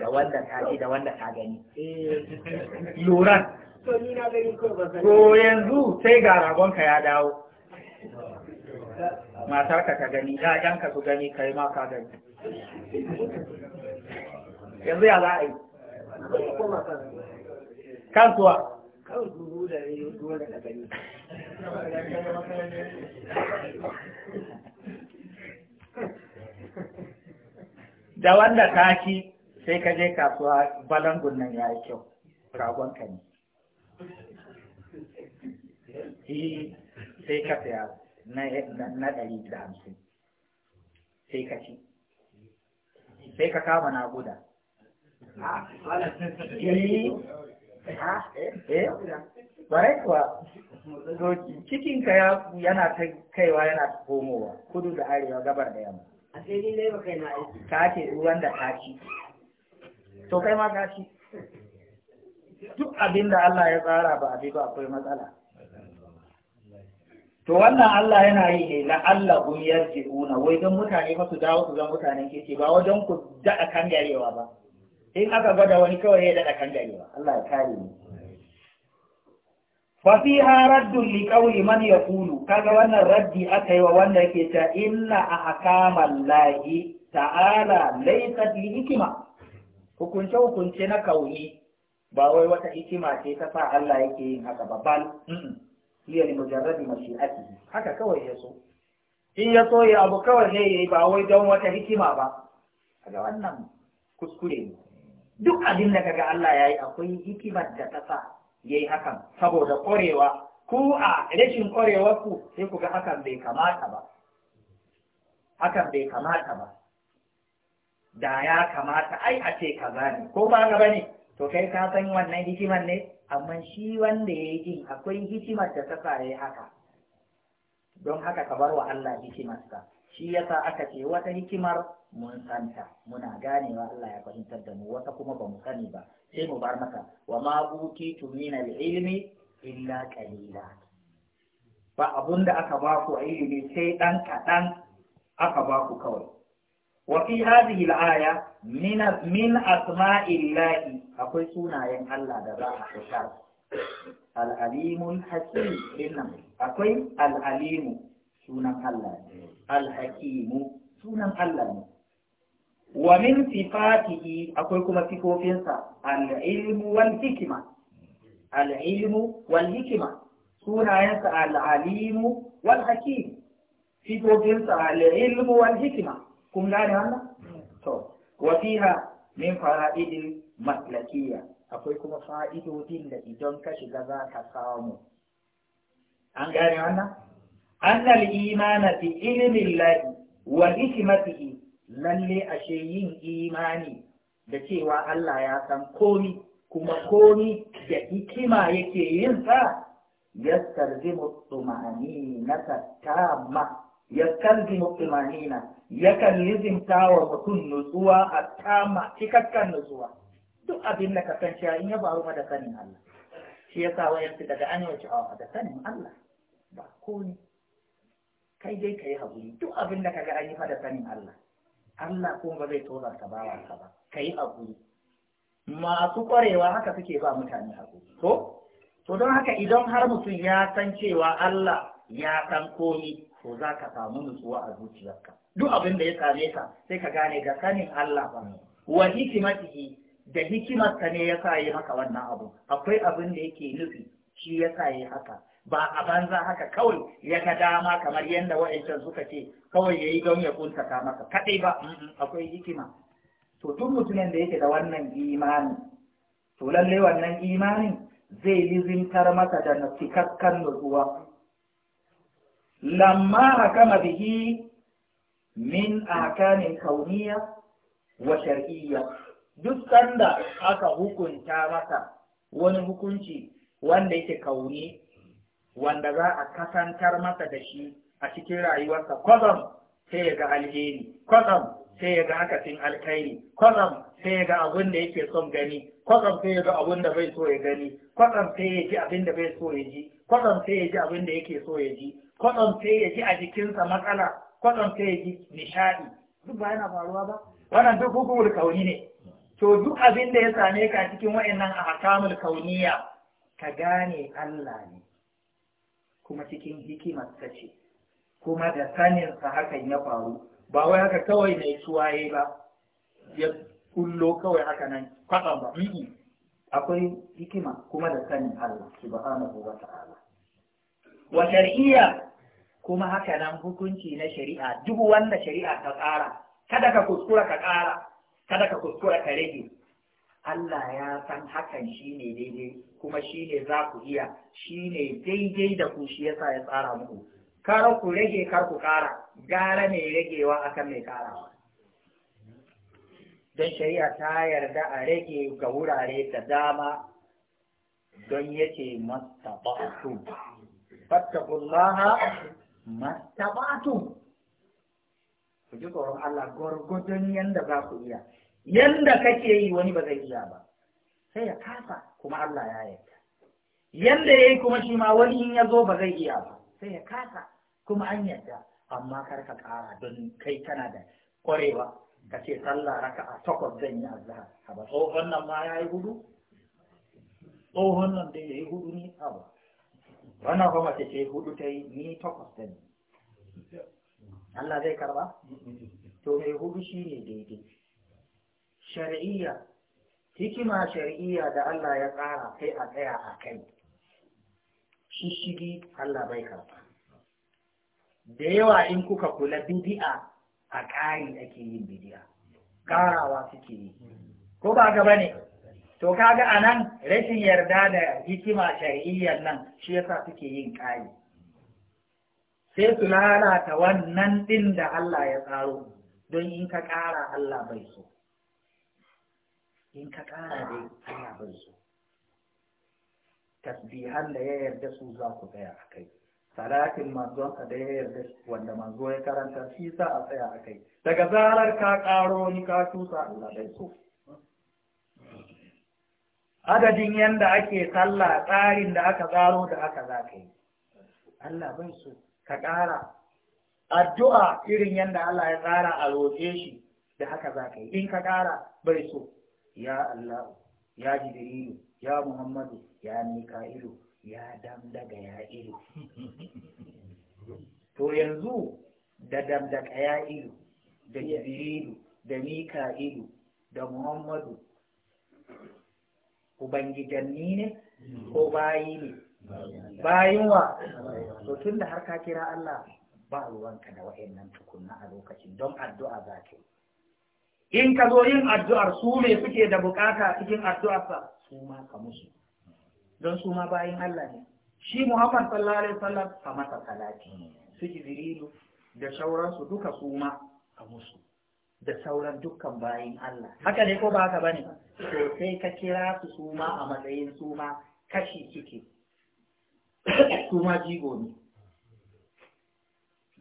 da wanda ta ji da wanda ta gani luran to yanzu sai ga ragonka ya dawo matarka ka gani ɗayanka su gani kai ma ka gani yanzu ya za a yi kawai gugu da ya gani da wanda ta sai ka je kasuwa balangun nan ya yi kyau ragon ka ne sai ka saya na ɗari da hamsin sai ka ci sai ka kama na guda ah, Barai eh, eh? kuwa, cikinka yana ta kaiwa yana ta komowa, kudu da arewa gabar da yamma. A sai ne dai kai na aiki. Ka ce ruwan da ka ci. To kai ma ka ci. Duk abin da Allah ya tsara ba a ba akwai matsala. To wannan Allah yana yi ne la'alla yarji'una wai don mutane fa su dawo su zan mutanen kirki ba wajen ku a kan yarewa ba. in aka gwada wani kawai ya daɗa kan garewa Allah ya kare ni. fa fiha raddun li qawli man yaqulu kaga wannan raddi aka yi wa wanda yake ta inna ahkamal lahi ta'ala laysat li hikma hukunce hukunce na kauyi ba wai wata hikima ce ta sa Allah yake yin haka ba bal hiya li mujarradi haka kawai ya so in ya so ya abu kawai ne ba wai don wata hikima ba ga wannan kuskure ne duk abin da kaga Allah ya yi akwai hikimar da ta sa ya yi hakan saboda ƙwarewa ku a rashin ƙwarewarku sai ku ga hakan bai kamata ba hakan bai kamata ba da ya kamata ai a ce kaza ne ko ba ba ne to kai ka san wannan hikimar ne amma shi wanda ya yi akwai hikimar da ta sa ya yi haka don haka ka bar wa Allah hikimarsa shi yasa aka ce wata hikimar mun santa muna ganewa Allah ya fahimtar da mu wata kuma ba mu sani ba sai mu bar maka wa ma utitu min ilmi illa qalila ba abun aka ba ku ilimi sai dan kadan aka ba ku kawai wa fi hadhihi al-aya min min asma'illahi akwai sunayen Allah da za a fitar al-alimul hakim akwai al-alimu sunan Allah ne Hakimu. sunan Allah ne wa min sifatihi akwai kuma sifofinsa al-ilmu wal hikma al-ilmu wal hikma sunayensa al-alimu wal hakim sifofinsa al-ilmu wal hikma kun gane wannan to wa fiha min fara'idil maslakiyya akwai kuma fa'idodin da idan ka shiga za ka samu an gane wannan annal imana fi ilmin lahi wa hikmatihi lalle ashe yin imani da cewa Allah ya san komi kuma komi da hikima yake yin sa ya na yastarzimu tuma'aninata tamma yastarzimu tumanina yakan lizinta wa mutum nutsuwa a tama cikakken nutsuwa duk abin da ka san cewa in ya faru da sanin Allah shi ya yasa wayarsu daga an yi wace da sanin Allah ba komi kai dai ka yi haƙuri duk abin da ka ga an yi fada sanin Allah Allah kuma ba zai tozar ka bawa ka ba ka yi haƙuri masu ƙwarewa haka suke ba mutane haƙuri ko to don haka idan har mutum ya san cewa Allah ya san komi to za ka samu nutsuwa a zuciyarka duk abin da ya same ka sai ka gane ga sanin Allah ba wa hikimatihi da hikimarsa ne ya sa yi maka wannan abu akwai abin da yake nufi shi ya sa yi haka ba a banza haka kawai ya ta dama kamar yadda wa'ancan suka ce kawai ya yi don ya kuntata masa kaɗai ba mm, mm, akwai hikima to tun mutumin da yake da wannan imani to lallai wannan imanin zai lizintar masa da cikakken nutsuwa lamma ma bihi min ahkamin kauniya wa shar'iyya duk sanda aka hukunta masa wani hukunci wanda yake kauni wanda za a kasantar masa da shi a cikin rayuwarsa kwazam sai ya ga alheri kwazam sai ya ga akasin alkhairi kwazam sai ya ga abin da yake son gani kwazam sai ya ga abin da bai so ya gani kwazam sai ya ji abin da bai so ya ji kwazam sai ya ji abin da yake so ya ji kwazam sai ya ji a jikinsa matsala kwazam sai ya ji nishaɗi duk ba yana faruwa ba wannan duk hukumar kauni ne to duk abin da ya same ka cikin wa'annan a hakamul kauniya ka gane Allah ne kuma cikin hikimar ta ce kuma da sa hakan ya faru ba wai haka kawai mai suwaye ba ya kullo kawai haka nan kwaɗan ba akwai hikima kuma da sanin Allah subhanahu wa ta'ala wa iya kuma haka nan hukunci na shari'a duk wanda shari'a ta tsara kada ka kuskura ka tsara, kada ka kuskura ka rage Allah ya san hakan shi ne daidai kuma shi ne za ku iya shi ne daidai da ku shi yasa ya tsara muku kar ku rage kar ku ƙara gara mai ragewa akan mai ƙarawa don shari'a ta yarda a rage ga wurare da dama don yace mastaba'atu fattakullaha mastaba'atu ku ji tsoron Allah gwargwadon yadda za ku iya yanda kake yi wani ba zai iya ba sai ya kasa kuma Allah ya yarda yanda yayi kuma shi ma wani in ya zo ba zai iya ba sai ya kasa kuma an yarda amma kar ka ƙara don kai kana da ƙwarewa ka ce sallah raka a takwas zan yi azhar haba tsohon nan ma ya yi hudu tsohon nan dai ya yi hudu ne haba wannan kuma ce ce hudu ta yi ni takwas zan yi Allah zai karba to mai hudu shi ne daidai Shari'iyya, hikima shari'iyya da Allah ya tsara sai a tsaya a kai shishigi Allah bai karfa da yawa in kuka kula bidi'a a ƙari ake yin bidi'a ƙarawa suke yi ko ba gaba ne to kaga anan rashin yarda da hikima shar'iyyar nan shi yasa suke yin ƙari sai su lalata wannan ɗin da Allah ya tsaro don in ka ƙara Allah bai so in ka ƙara dai ana bai so tasbihan da ya yarda su za ku tsaya a kai salatin ka da ya yarda wanda manzo ya karanta shi sa a tsaya a kai daga zarar ka ƙaro ni ka tusa Allah bai so adadin yanda ake sallah tsarin da aka tsaro da aka za ka yi Allah bai so ka ƙara addu'a irin yanda Allah ya tsara a roƙe shi da haka za ka yi in ka ƙara bai so ya Allah ya Jibrilu ya Muhammadu ya Mika'ilu ya damdaga ya ilu to yanzu da damdaga ya ilu da Jibrilu da Mika'ilu da Muhammadu ubangijanni ne ko bayi ne bayin wa to tunda har ka kira Allah ba ruwanka da wa'annan tukunna a lokacin don addu'a za in ka zo yin addu'ar su me suke da bukata cikin addu'arsa su ma ka musu don su ma bayin Allah ne shi Muhammad sallallahu alaihi wasallam ka masa salati su Jibrilu da sauransu duka su ma ka musu da sauran dukkan bayin Allah haka ne ko ba haka bane to sai ka kira su su ma a matsayin su ma kashi suke su ma jigo ne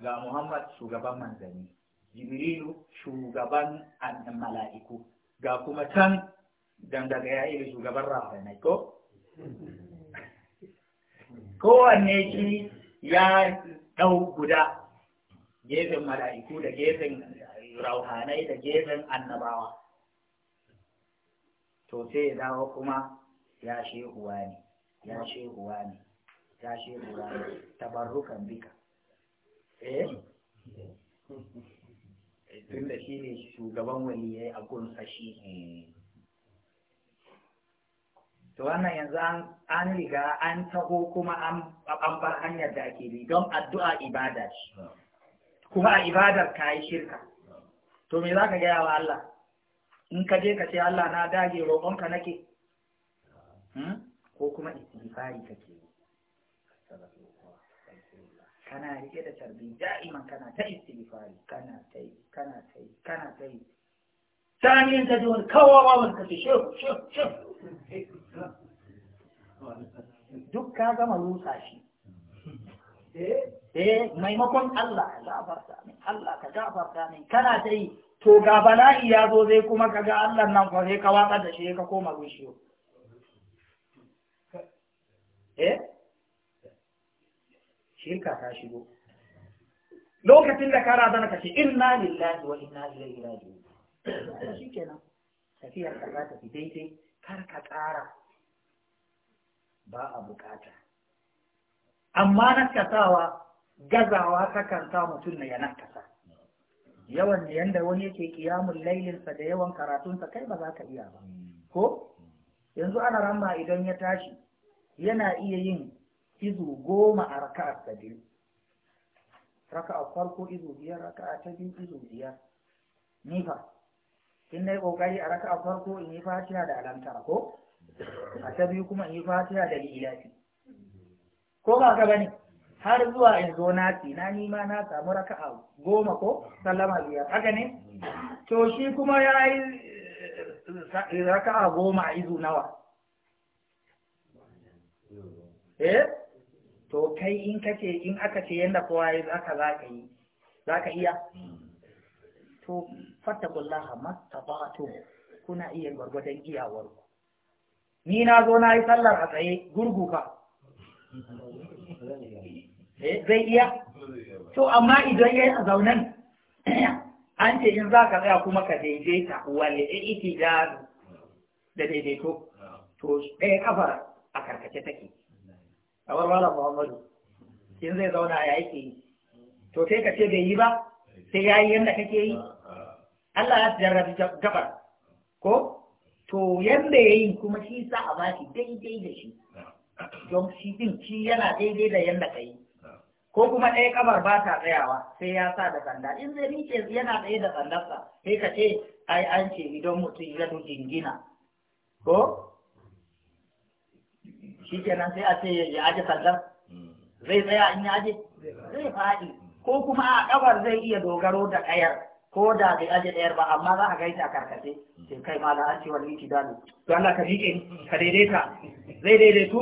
ga Muhammad shugaban manzanni jibrilu shugaban mala'iku ga kuma can daga ya iri shugaban rafanai ko <laughs> kowanne shi ya dau guda gefen mala'iku da gefen rauhanai da gefen annabawa to sai ya dawo kuma ya shehuwa ne ya shehuwa ne ya shehuwa ne tabarrukan bika eh <laughs> tun da shi ne shugaban yi a gunsa shi to wannan yanzu an riga an taho kuma an bar hanyar da ake bi don addu'a ibada shi kuma a ibadar ka yi shirka to me za ka gaya wa Allah in ka je ka ce Allah na dage roƙonka nake hmm? ko kuma istighfari kake yi kana rike da tarbi da'iman kana ta istighfari kana ta yi kana ta yi kana ta yi sani ta ji wani kawo wawan ka ce shehu duk ka gama rusa shi eh, eh maimakon Allah ka gafarta min Allah ka gafarta min kana ta yi to ga bala'i ya zo zai kuma kaga Allah nan fa sai ka watsar da shi ka koma rushiyo eh shirka ta shigo lokacin da ka razana kashi ce inna lillahi wa inna ilaihi raji'un shikenan tafiyar ka za ta fi daidai kar ka ƙara ba a bukata amma nakasawa gazawa takan sa mutum ya kasa. yawan yanda wani yake kiyamun lailinsa da yawan karatunsa kai ba za ka iya ba ko yanzu ana ramma idan ya tashi yana iya yin izu goma a raka'a ta biyu raka'a farko izu biyar raka'a ta biyu izu biyar nifa in na yi ƙoƙari a raka'a farko in yi fatiha da alamtara ko a ta biyu kuma in yi fatiha da lilafi ko ba ka bane har zuwa in zo na ci na ma na samu raka'a goma ko sallama biyar haka ne to shi kuma ya yi eh, raka'a goma a izu nawa eh to kai in kace in aka ce yanda kowa ya zaka zaka yi zaka iya to fattakullaha mastata'tum kuna iya gwargwadon ku. ni na zo na yi sallar a tsaye gurgu ka. Eh, zai iya to amma idan yi a zaunan <clears throat> an ce in za ka tsaya kuma ka daidaita wale iti da daidaito to ɗaya kafar a karkace take kamar wala muhammadu in zai zauna ya yake yi to sai ka ce bai yi ba sai ya yi yadda kake yi Allah ya rafi gabar ko to yadda ya yi kuma shi sa a ba shi daidai da shi don shi din shi yana daidai da yadda ka yi ko kuma ɗaya kamar ba ta tsayawa sai ya sa da sanda in zai rike yana tsaye da sandarsa sai ka ce ai an ce idan mutum ya jingina ko shi kenan sai a ce ya aje sallar zai tsaya in ya aje zai faɗi ko kuma a kabar zai iya dogaro da ɗayar. ko da bai aje ɗayar ba amma za a gaita a karkace mm. sai kai ma an ce wani ki dalu to Allah ka miƙe ka daidaita zai daidaitu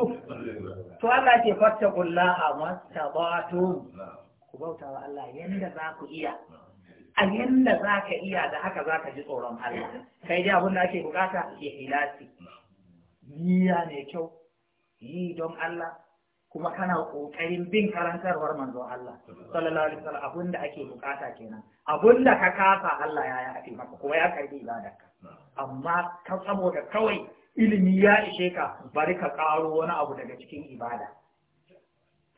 to Allah ke fatta a mastabatu ku bauta wa Allah yanda za ku iya a yanda za ka iya da haka za ka ji tsoron Allah kai dai abin da ake bukata ya ilasi niyya ne kyau yi don Allah kuma kana ƙoƙarin bin karantarwar manzo Allah sallallahu alaihi wasallam abin da ake bukata kenan abin da ka kafa Allah ya yafe maka kuma ya karbi ibadarka amma ka saboda kawai ilimi ya ishe ka bari ka karo wani abu daga cikin ibada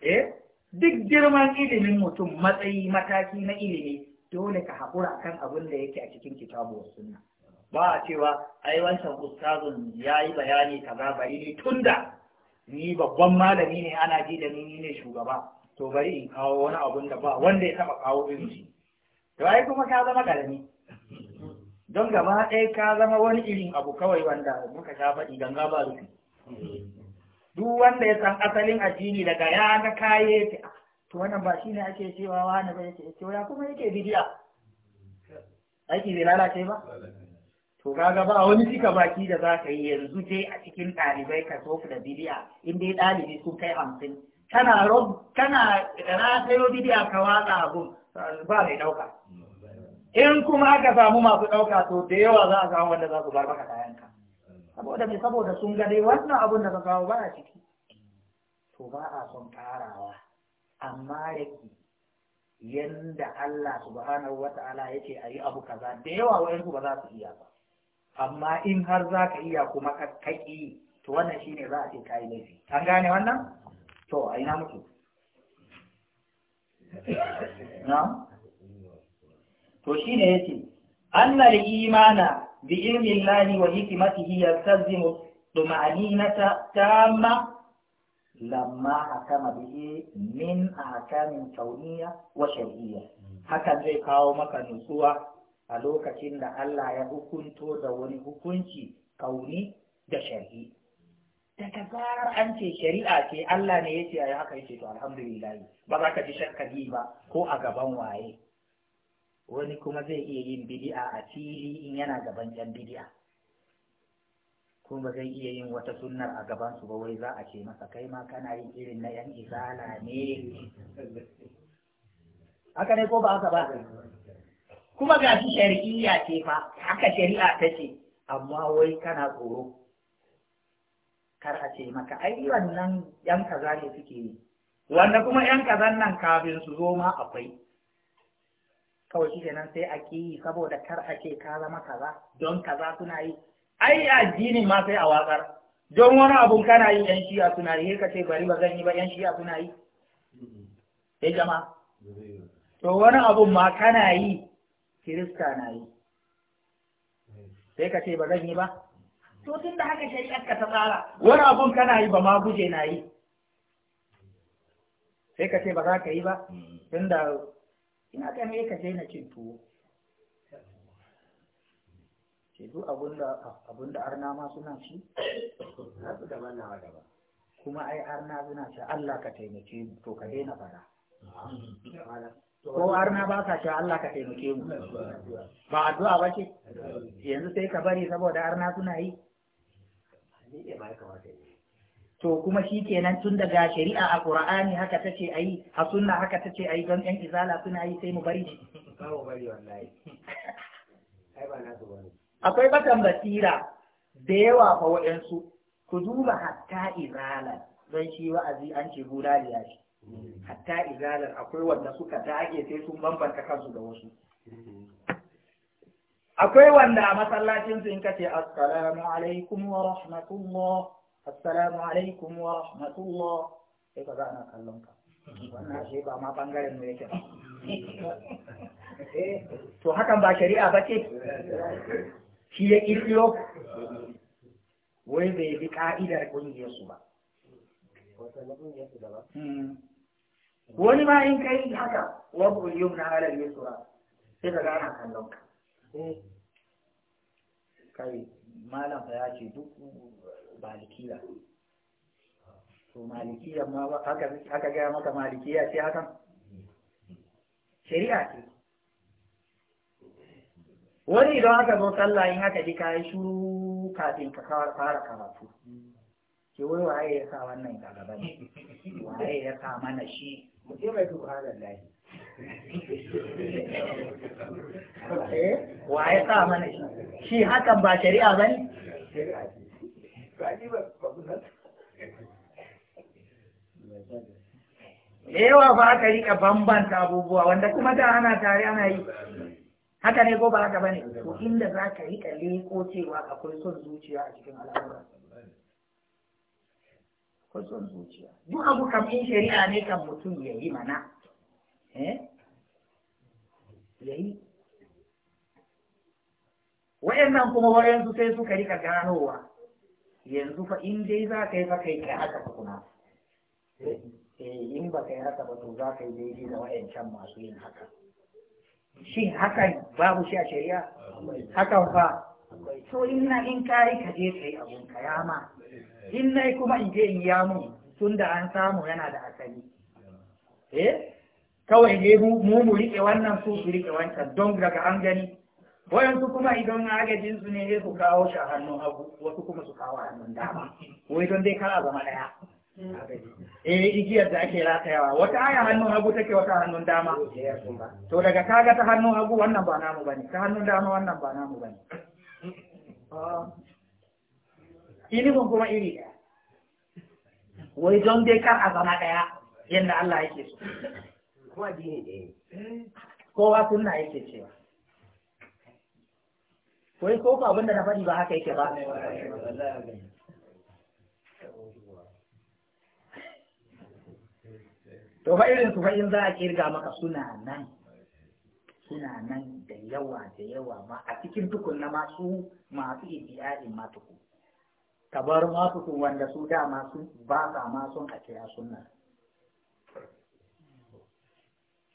eh duk girman ilimin mutum matsayi mataki na ilimi dole ka haƙura kan abin da yake a cikin kitabu sunna ba a cewa ai wancan ustazun yayi bayani kaza bari ni tunda ni babban malami ne ana ji da ni ne shugaba to bari in kawo wani abun da ba wanda ya taba kawo irin shi to ai kuma ka zama karami don gaba ɗaya ka zama wani irin abu kawai wanda muka sha faɗi ganga ba rufi duk wanda ya san asalin addini daga ya ga kaye ta ah, to wannan ba shine ake cewa wani ba yake ya kuma yake bidiya aiki bai lalace ba to kaga ba wani cika baki da za ka yi yanzu dai a cikin ɗalibai ka so da bidiya in dai ɗalibi sun kai hamsin kana rob kana kana sayo bidiya ka watsa abun ba mai ɗauka in kuma aka samu masu ɗauka to da yawa za a samu wanda za su bar maka kayanka saboda me saboda sun ga dai wannan abun da ka kawo ba a ciki to ba a son karawa amma yake yanda Allah subhanahu wata'ala yake a yi abu kaza da yawa wa'yansu ba za su iya ba amma in har za ka iya kuma ka to wannan shine za a ce ka yi laifi an gane wannan to a ina muke na to shine yace annal imana bi ilmi lani wa hikmatihi yastazimu ta tamma lamma hakama bihi min ahkamin kauniyya wa shar'iyya hakan zai kawo maka nutsuwa a lokacin da Allah ya hukunto da wani hukunci kauni da shari'i daga zarar an ce shari'a ce Allah ne ya ce a yi haka yake to alhamdulillah ba za ka ji shakkali ba ko a gaban waye wani kuma zai iya yin bidi'a a fili in yana gaban yan bidi'a kuma zai iya yin wata sunnar a gaban su ba wai za a ce masa kai ma kana yin irin na yan izala ne haka ne ko ba haka ba kuma ga shi shari'iyya ce fa haka shari'a ta ce amma wai kana tsoro kar a ce maka ai wannan yan kaza ne suke yi wanda kuma yan kazan nan kafin su zo ma akwai kawai shi kenan sai a ki saboda kar a ce ka zama kaza don kaza suna yi ai addini ma sai a watsar don wani abun kana yi yan shi'a suna yi ka ce bari ba zan yi ba yan shi'a suna yi eh jama'a to wani abun ma kana yi kirista na yi hmm. sai ka ce ba zan yi ba to tun da haka shari'ar ka ta tsara wani abun kana yi ba ma guje na yi sai ka ce ba za ka yi ba hmm. tun da ina ka ne ka daina cin tuwo ce duk abun da arna ma suna ci na su daban na gaba kuma ai arna suna ci Allah ka taimake to ka daina fara ko na ba ka cewa Allah ka taimake mu ba addu'a ba ce yanzu sai ka bari saboda na suna yi to kuma shi kenan tun daga shari'a a qur'ani haka ta ayi a sunna haka a ayi don yan izala suna yi sai mu bari ba mu bari wallahi ai ba na bane akwai bakan basira da yawa fa wa'ansu ku duba hatta izala don shi wa'azi an ce da yaki. hatta izalar akwai wanda suka dage sai sun bambanta kansu da wasu akwai wanda a masallacin su in ka ce assalamu alaikum wa rahmatullah assalamu alaikum wa rahmatullah sai ka za ana kallon ka wannan shi ba ma bangaren mu yake ba <laughs> eh, to hakan ba shari'a ba ce shi ya kiyo wai bai bi ka'idar kungiyar su ba wani ma in kai haka wabu na ala yusra sai ka ana kallon ka kai malam fa ya ce duk malikiya to malikiya ma haka haka ga maka malikiya ce haka shari'a ce wani idan aka zo sallah in haka ji kayan shuru kafin ka fara karatu ke wai waye ya sa wannan gaba ne waye ya sa mana shi mu ce mai subhanallahi <laughs> eh? wa ya sa mana shi shi hakan ba shari'a ba ne shari'a ce ba ba yawa ba ka rika bambanta abubuwa wanda kuma da ana tare ana yi haka ne ko ba haka ne? to inda za ka rika leko cewa akwai son zuciya a cikin al'amuran akwai son zuciya duk abu kamfin shari'a ne kan mutum ya yi mana eh? ya yi wa'annan kuma wayansu sai suka rika ganowa yanzu fa in dai za ka yi fa kai kai haka kuna eh, in ba yi haka ba to za ka yi daidai da wa'ancan masu yin haka shin hakan babu shi a shari'a hakan fa to ina in kai ka je kai abun kayama in nai kuma in je in ya mun tun da an samu yana da asali eh kawai ne mu mu rike wannan su su rike wancan don daga an gani wayansu kuma idan agajin su ne sai su kawo shi a hannun hagu wasu kuma su kawo a hannun dama wai don dai kara zama daya eh igiyar da ake ratayawa wata aya hannun hagu take wata hannun dama to daga kaga ta hannun hagu wannan ba namu bane ta hannun dama wannan ba namu bane inibin kuma iri ɗaya wai don dai kar a zama ɗaya yadda Allah yake so Kowa dini ɗaya kowa sunna yake cewa wai ko abinda na faɗi ba haka yake ba to fa irin su za a kirga maka suna nan da yawa da yawa ma a cikin tukun na masu masu ibiya'in ma tukun ka bar masu su wanda su dama su ba sa ma sun a kira sunna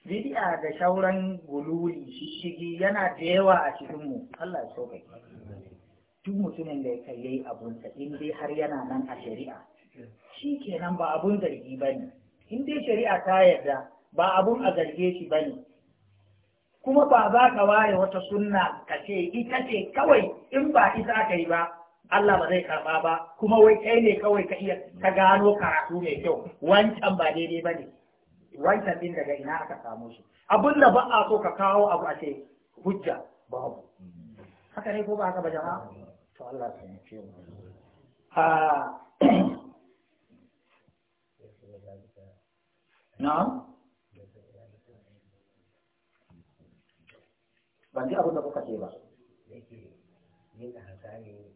bidiya da shauran gululi shishigi yana da yawa a cikin mu Allah ya duk mutumin da ya yi abun sa in dai har yana nan a shari'a shi kenan ba abun zargi bane in dai shari'a ta yarda ba abun a zarge shi bane kuma ba za ka ware wata sunna ka ce ita ce kawai in ba ita aka yi ba Allah ba zai karɓa ba kuma wai kai ne kawai ka iya ka gano karatu mai kyau wancan ba daidai ba ne wancan din daga ina aka samu shi abin da ba a so ka kawo abu a ce hujja babu haka ne ko ba haka ba jama'a to Allah ya yi mu a na ban ji abin da kuka ce ba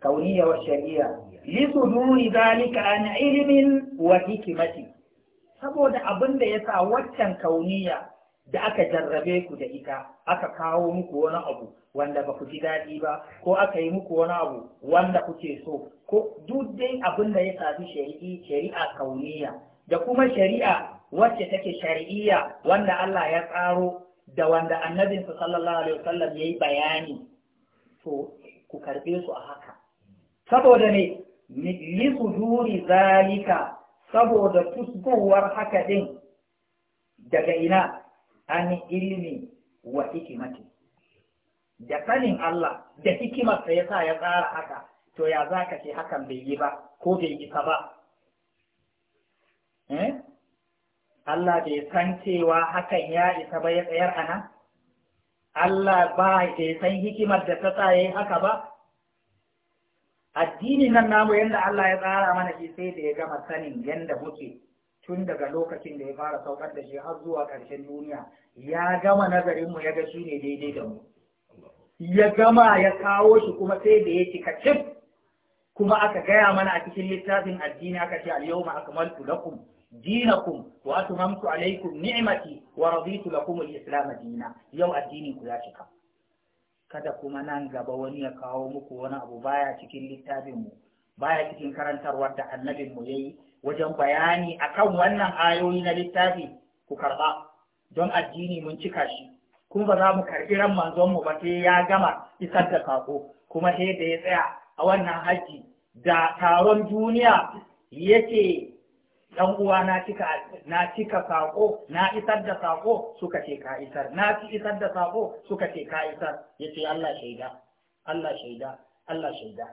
kauniya wa shari'a li suduri zalika an ilimin wa hikimati saboda abin da ya sa waccan kauniya da aka jarrabe ku da ita aka kawo muku wani abu wanda ba ku ji daɗi ba ko aka yi muku wani abu wanda kuke so ko duk dai abin da ya shafi shari'a kauniya da kuma shari'a wacce take shari'iyya wanda Allah ya tsaro da wanda annabinsa sallallahu alaihi wasallam ya yi bayani to ku karɓe su a haka saboda ne li suduri zalika saboda fuskowar haka ɗin, daga ina an ilimi wa hikimati da sanin Allah da hikimarsa ya sa ya tsara haka to ya za ka ce hakan bai yi ba ko bai isa ba eh? Allah bai san cewa hakan ya isa ba ya tsayar a nan Allah ba ya san hikimar da ta sa yayi haka ba addini nan namu yanda Allah ya tsara mana shi sai da ya gama sanin yanda muke tun daga lokacin da ya fara saukar da shi har zuwa ƙarshen duniya ya gama nazarin mu ya ga shi ne daidai da mu ya gama ya kawo shi kuma sai da ya cika kuma aka gaya mana a cikin littafin addini aka ce al-yawma akmaltu lakum dinakum wa atmamtu alaykum ni'mati wa raditu lakum al-islam dina yau addini ku ya cika kada kuma nan gaba wani ya kawo muku wani abu baya cikin littafin mu baya cikin karantarwar da annabin mu yayi wajen bayani akan wannan ayoyi na littafi ku karba don addini mun cika shi kuma ba za mu karbi ran manzon mu ba sai ya gama isar da kako kuma sai da ya tsaya a wannan haji da taron duniya yace dan uwa na cika na cika sako na isar da sako suka ce ka isar na ci isar da sako suka ce ka isar yace Allah shaida Allah shaida Allah shaida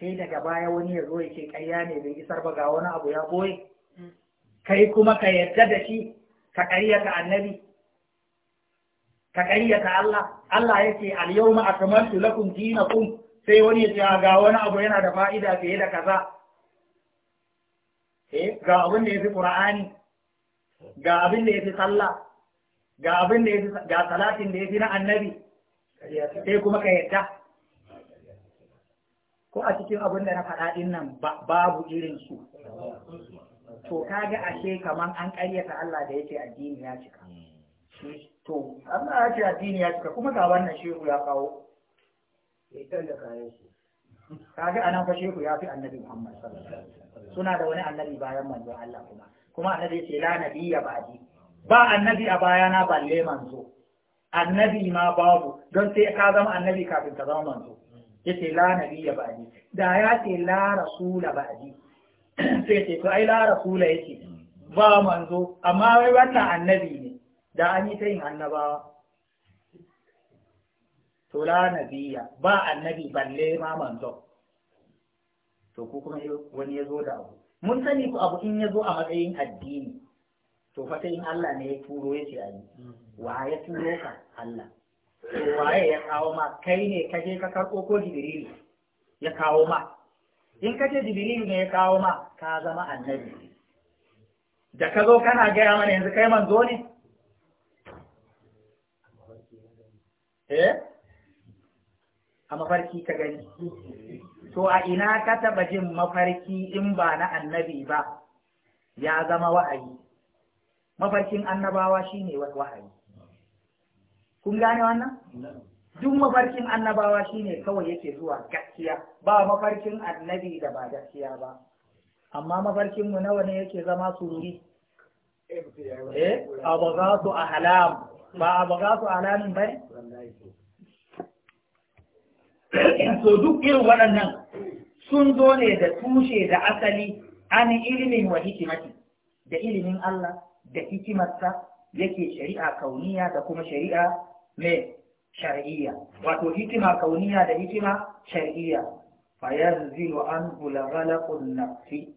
sai daga baya wani ya zo ya ce ƙarya ne bai isar ba ga wani abu ya boye mm. kai kuma ka yarda da shi ka ƙaryata annabi ka ƙaryata Allah Allah ce al-yawma akmaltu lakum dinakum sai wani ya ce ah, ga wani abu yana da fa'ida fiye da kaza eh ga abin da yafi qur'ani ga abin da yafi sallah ga abin da yafi ga salatin da yafi na annabi sai kuma ka yadda ko a cikin abin da na faɗa din nan babu irin su to kaga ashe kaman an ƙaryata Allah da yake addini ya cika to Allah ya ce addini ya cika kuma ga wannan shehu ya kawo ya kayan shi kaga anan fa shehu ya fi annabi Muhammad sallallahu alaihi wasallam suna da wani annabi bayan manzo Allah kuma kuma annabi ce la nabiyya ba'di ba annabi a baya na balle manzo annabi ma babu don sai ka zama annabi kafin ka zama manzo yace la nabiyya ba'di da ya ce la rasula ba'di <clears throat> sai ce to ai la rasula yace ba manzo amma wai wannan annabi ne da an yi ta yin annabawa to la nabiyya ba annabi balle ma manzo to ko kuma wani ya zo da abu mun sani ku abu in ya zo a matsayin addini to fa sai in Allah ne ya turo ya ce a yi wa ya turo ka Allah to waye ya kawo ma kai ne ka je ka karɓo ko jibrilu ya kawo ma in ka je jibrilu ne ya kawo ma ka zama annabi da ka zo kana gaya mana yanzu kai manzo ne eh a mafarki ka gani to a ina ka taɓa jin mafarki in ba na annabi ba ya zama wa'ayi mafarkin annabawa shine wa'ayi kun gane wannan duk mafarkin annabawa shine kawai yake zuwa gaskiya ba mafarkin annabi da ba gaskiya ba amma mafarkin mu nawa ne yake zama sururi eh su ahlam ba su ahlamin bane <coughs> so duk irin waɗannan sun zo ne da tushe da asali an ilimin wa hikimati da ilimin Allah da hikimarsa yake shari'a kauniya da kuma shari'a mai shar'iyya wato hikima kauniya da hikima shar'iyya fa yanzilu an ghalaqun nafsi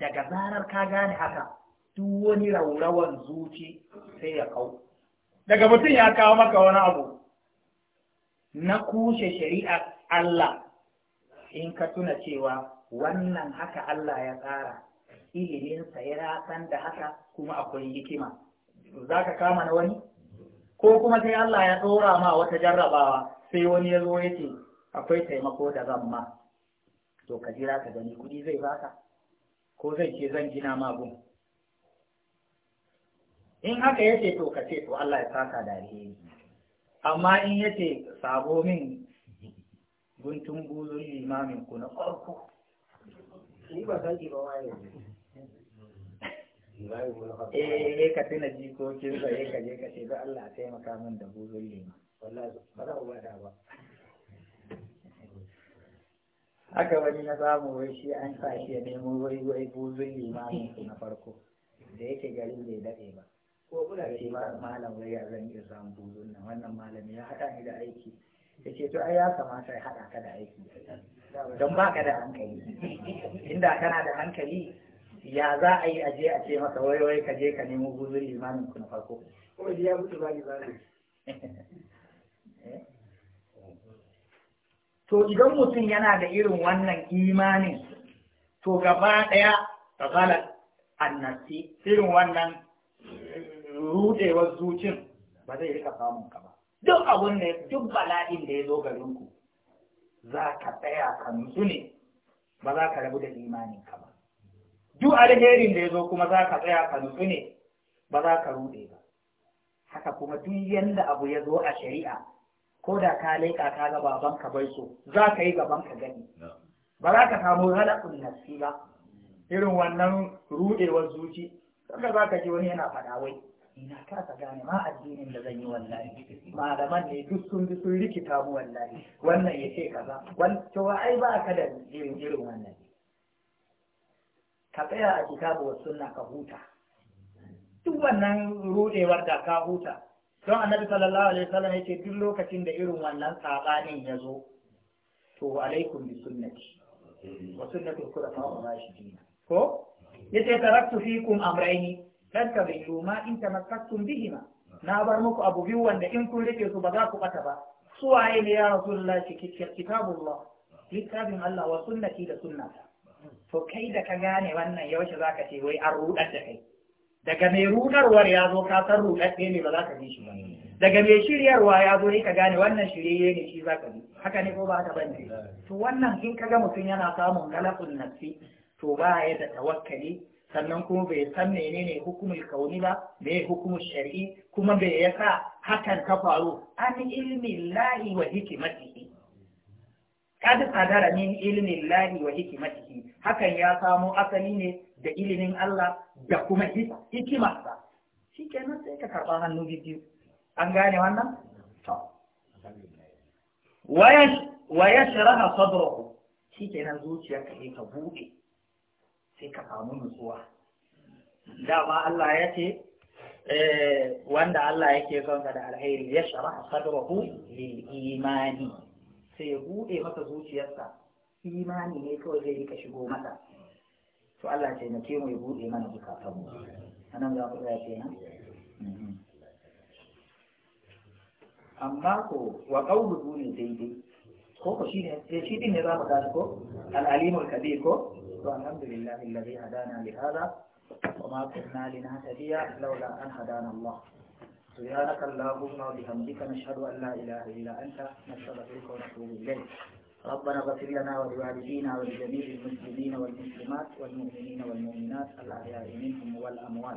daga zarar ka gane haka duk wani raurawan zuci sai ya kau daga mutum ya kawo maka wani abu na kushe shari'ar Allah in ka tuna cewa wannan haka Allah ya tsara iliminsa ya rasan da haka kuma akwai hikima za ka kama na wani ko kuma sai Allah ya tsora ma wata jarrabawa sai wani ya zo ya akwai taimako da zan ma to ka jira ka gani kuɗi zai baka ko zai ce zan gina magun in haka ya ce to ka ce to Allah ya saka da alheri amma in yace sabo min guntun buzun limamin ku na farko ni ba san ba wani eh eh ka tuna jikokin sa sai ka je ka ce da Allah maka min da buzun liman wallahi ba za ba da ba haka wani na samu wai shi an sa shi ya nemo wai wai buzun limamin ku na farko da yake garin bai daɗe ba ko kula ce ba malam ya zan iya samun buzun nan wannan malam ya haɗa ni da aiki ya ce to ai ya kamata ya haɗa ka da aiki don ba ka da hankali inda kana da hankali ya za a yi aje a ce masa wai wai ka je ka nemo buzun limamin ku na farko ko ya mutu ba ni ba eh? to idan mutum yana da irin wannan imanin to gaba ɗaya ta zala annasi irin wannan rudewar zucin ba zai rika samun ka ba duk abun ne duk bala'in da ya zo garin ku za ka tsaya ka nutsu ne ba za ka rabu da imanin ka ba duk alherin da ya zo kuma za ka tsaya ka nutsu ne ba za ka rude ba haka kuma duk yanda abu ya zo a shari'a ko da ka leƙa ka ga baban ka bai so za ka yi gaban ka gani ba za ka samu halakun nasi ba irin wannan rudewar zuci kaga za ka ji wani yana faɗa wai ina kasa gane ma addinin da zan yi wallahi malaman ne duk sun bi sun rikita mu wallahi wannan ya ce kaza to ai ba ka da irin irin wannan ka tsaya a kitabu wa sunna ka huta duk wannan rudewar da ka huta don annabi sallallahu alaihi wasallam yace duk lokacin da irin wannan sabanin ya zo to alaikum bi sunnati wa sunnatul khulafa'ur rashidin ko yace taraktu fikum amrayni tattabi'u ma in tamassaktum bihima na bar muku abu biyu wanda in kun rike su ba za ku bata ba su waye ne ya rasulullah kitabullah littafin Allah wa sunnati da sunnata to kai da ka gane wannan yaushe zaka ce wai an rudar da kai daga mai rudarwar ya zo ka san rudadde ne ba za ka bi shi ba daga mai shiryarwa ya zo ka gane wannan shirye ne shi za ka bi haka ne ko ba ta bane to wannan in ga mutum yana samun galafin nafsi to ba ya da tawakkali sannan kuma bai san menene hukumul kauni ba me hukumul shari'i kuma bai yasa hakan ka faru an ilmi lahi wa hikimatihi kada sadara min ilmi lahi wa hikimatihi hakan ya samo asali ne da ilimin Allah da kuma hikimarsa nan sai ka karɓa hannu biyu an gane wannan to wayash wayashraha nan zuciya zuciyarka sai ka buɗe sai ka samu nutsuwa dama Allah ya ce eh, wanda Allah yake son da alheri ya shara sadrahu lil imani sai ya bude masa zuciyarsa imani ne kawai zai rika shigo masa to Allah ce na mai mu ya bude mana zukatan mu anan za ku ga kenan mhm. amma ko wa qawlu duni daidai ko ko shine shi din ne za mu ko al alimul kabir ko الحمد لله الذي هدانا لهذا وما كنا لنهتدي لولا أن هدانا الله سبحانك اللهم وبحمدك نشهد أن لا إله إلا أنت نشهد نستغفرك ونتوب إليك ربنا اغفر لنا ولوالدينا ولجميع المسلمين والمسلمات والمؤمنين والمؤمنات الأحياء منهم والأموات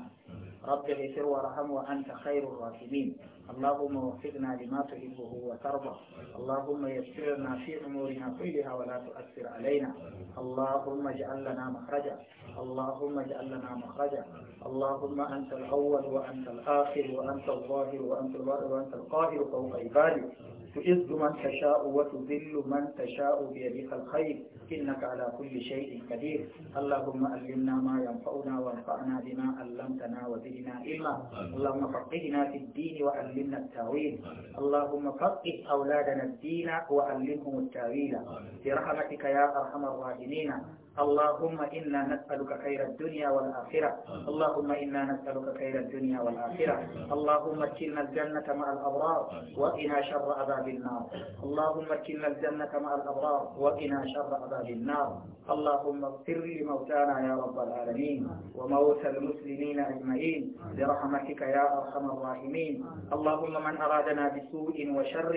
رب اغفر وارحم وأنت خير الراحمين اللهم وفقنا لما تحبه وترضى اللهم يسرنا في أمورنا كلها ولا تؤثر علينا اللهم اجعل لنا مخرجا اللهم اجعل لنا مخرجا اللهم أنت الأول وأنت الآخر وأنت الظاهر وأنت الظاهر وأنت القاهر فوق عبادك تعز من تشاء وتذل من تشاء بيدك الخير إنك على كل شيء قدير اللهم علمنا ما ينفعنا وانفعنا بما علمتنا وزدنا علما اللهم فقهنا في الدين وعلمنا التاويل اللهم فقه أولادنا الدين وعلمهم التاويل برحمتك يا أرحم الراحمين اللهم إنا نسألك خير الدنيا والآخرة اللهم إنا نسألك خير الدنيا والآخرة اللهم اكلنا الجنة مع الأبرار وقنا شر عذاب النار اللهم اكلنا الجنة مع الأبرار وقنا شر عذاب النار اللهم اغفر لموتانا يا رب العالمين وموتى المسلمين أجمعين برحمتك يا أرحم الراحمين اللهم من أرادنا بسوء وشر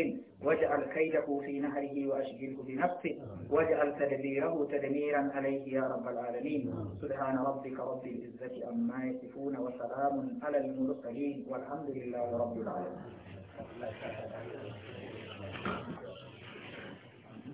واجعل كيده في نهره وأشغله بنفسه واجعل تدبيره تدميرا عليه عليك يا رب العالمين نعم. سبحان ربك رب العزة أما يصفون وسلام على المرسلين والحمد لله رب العالمين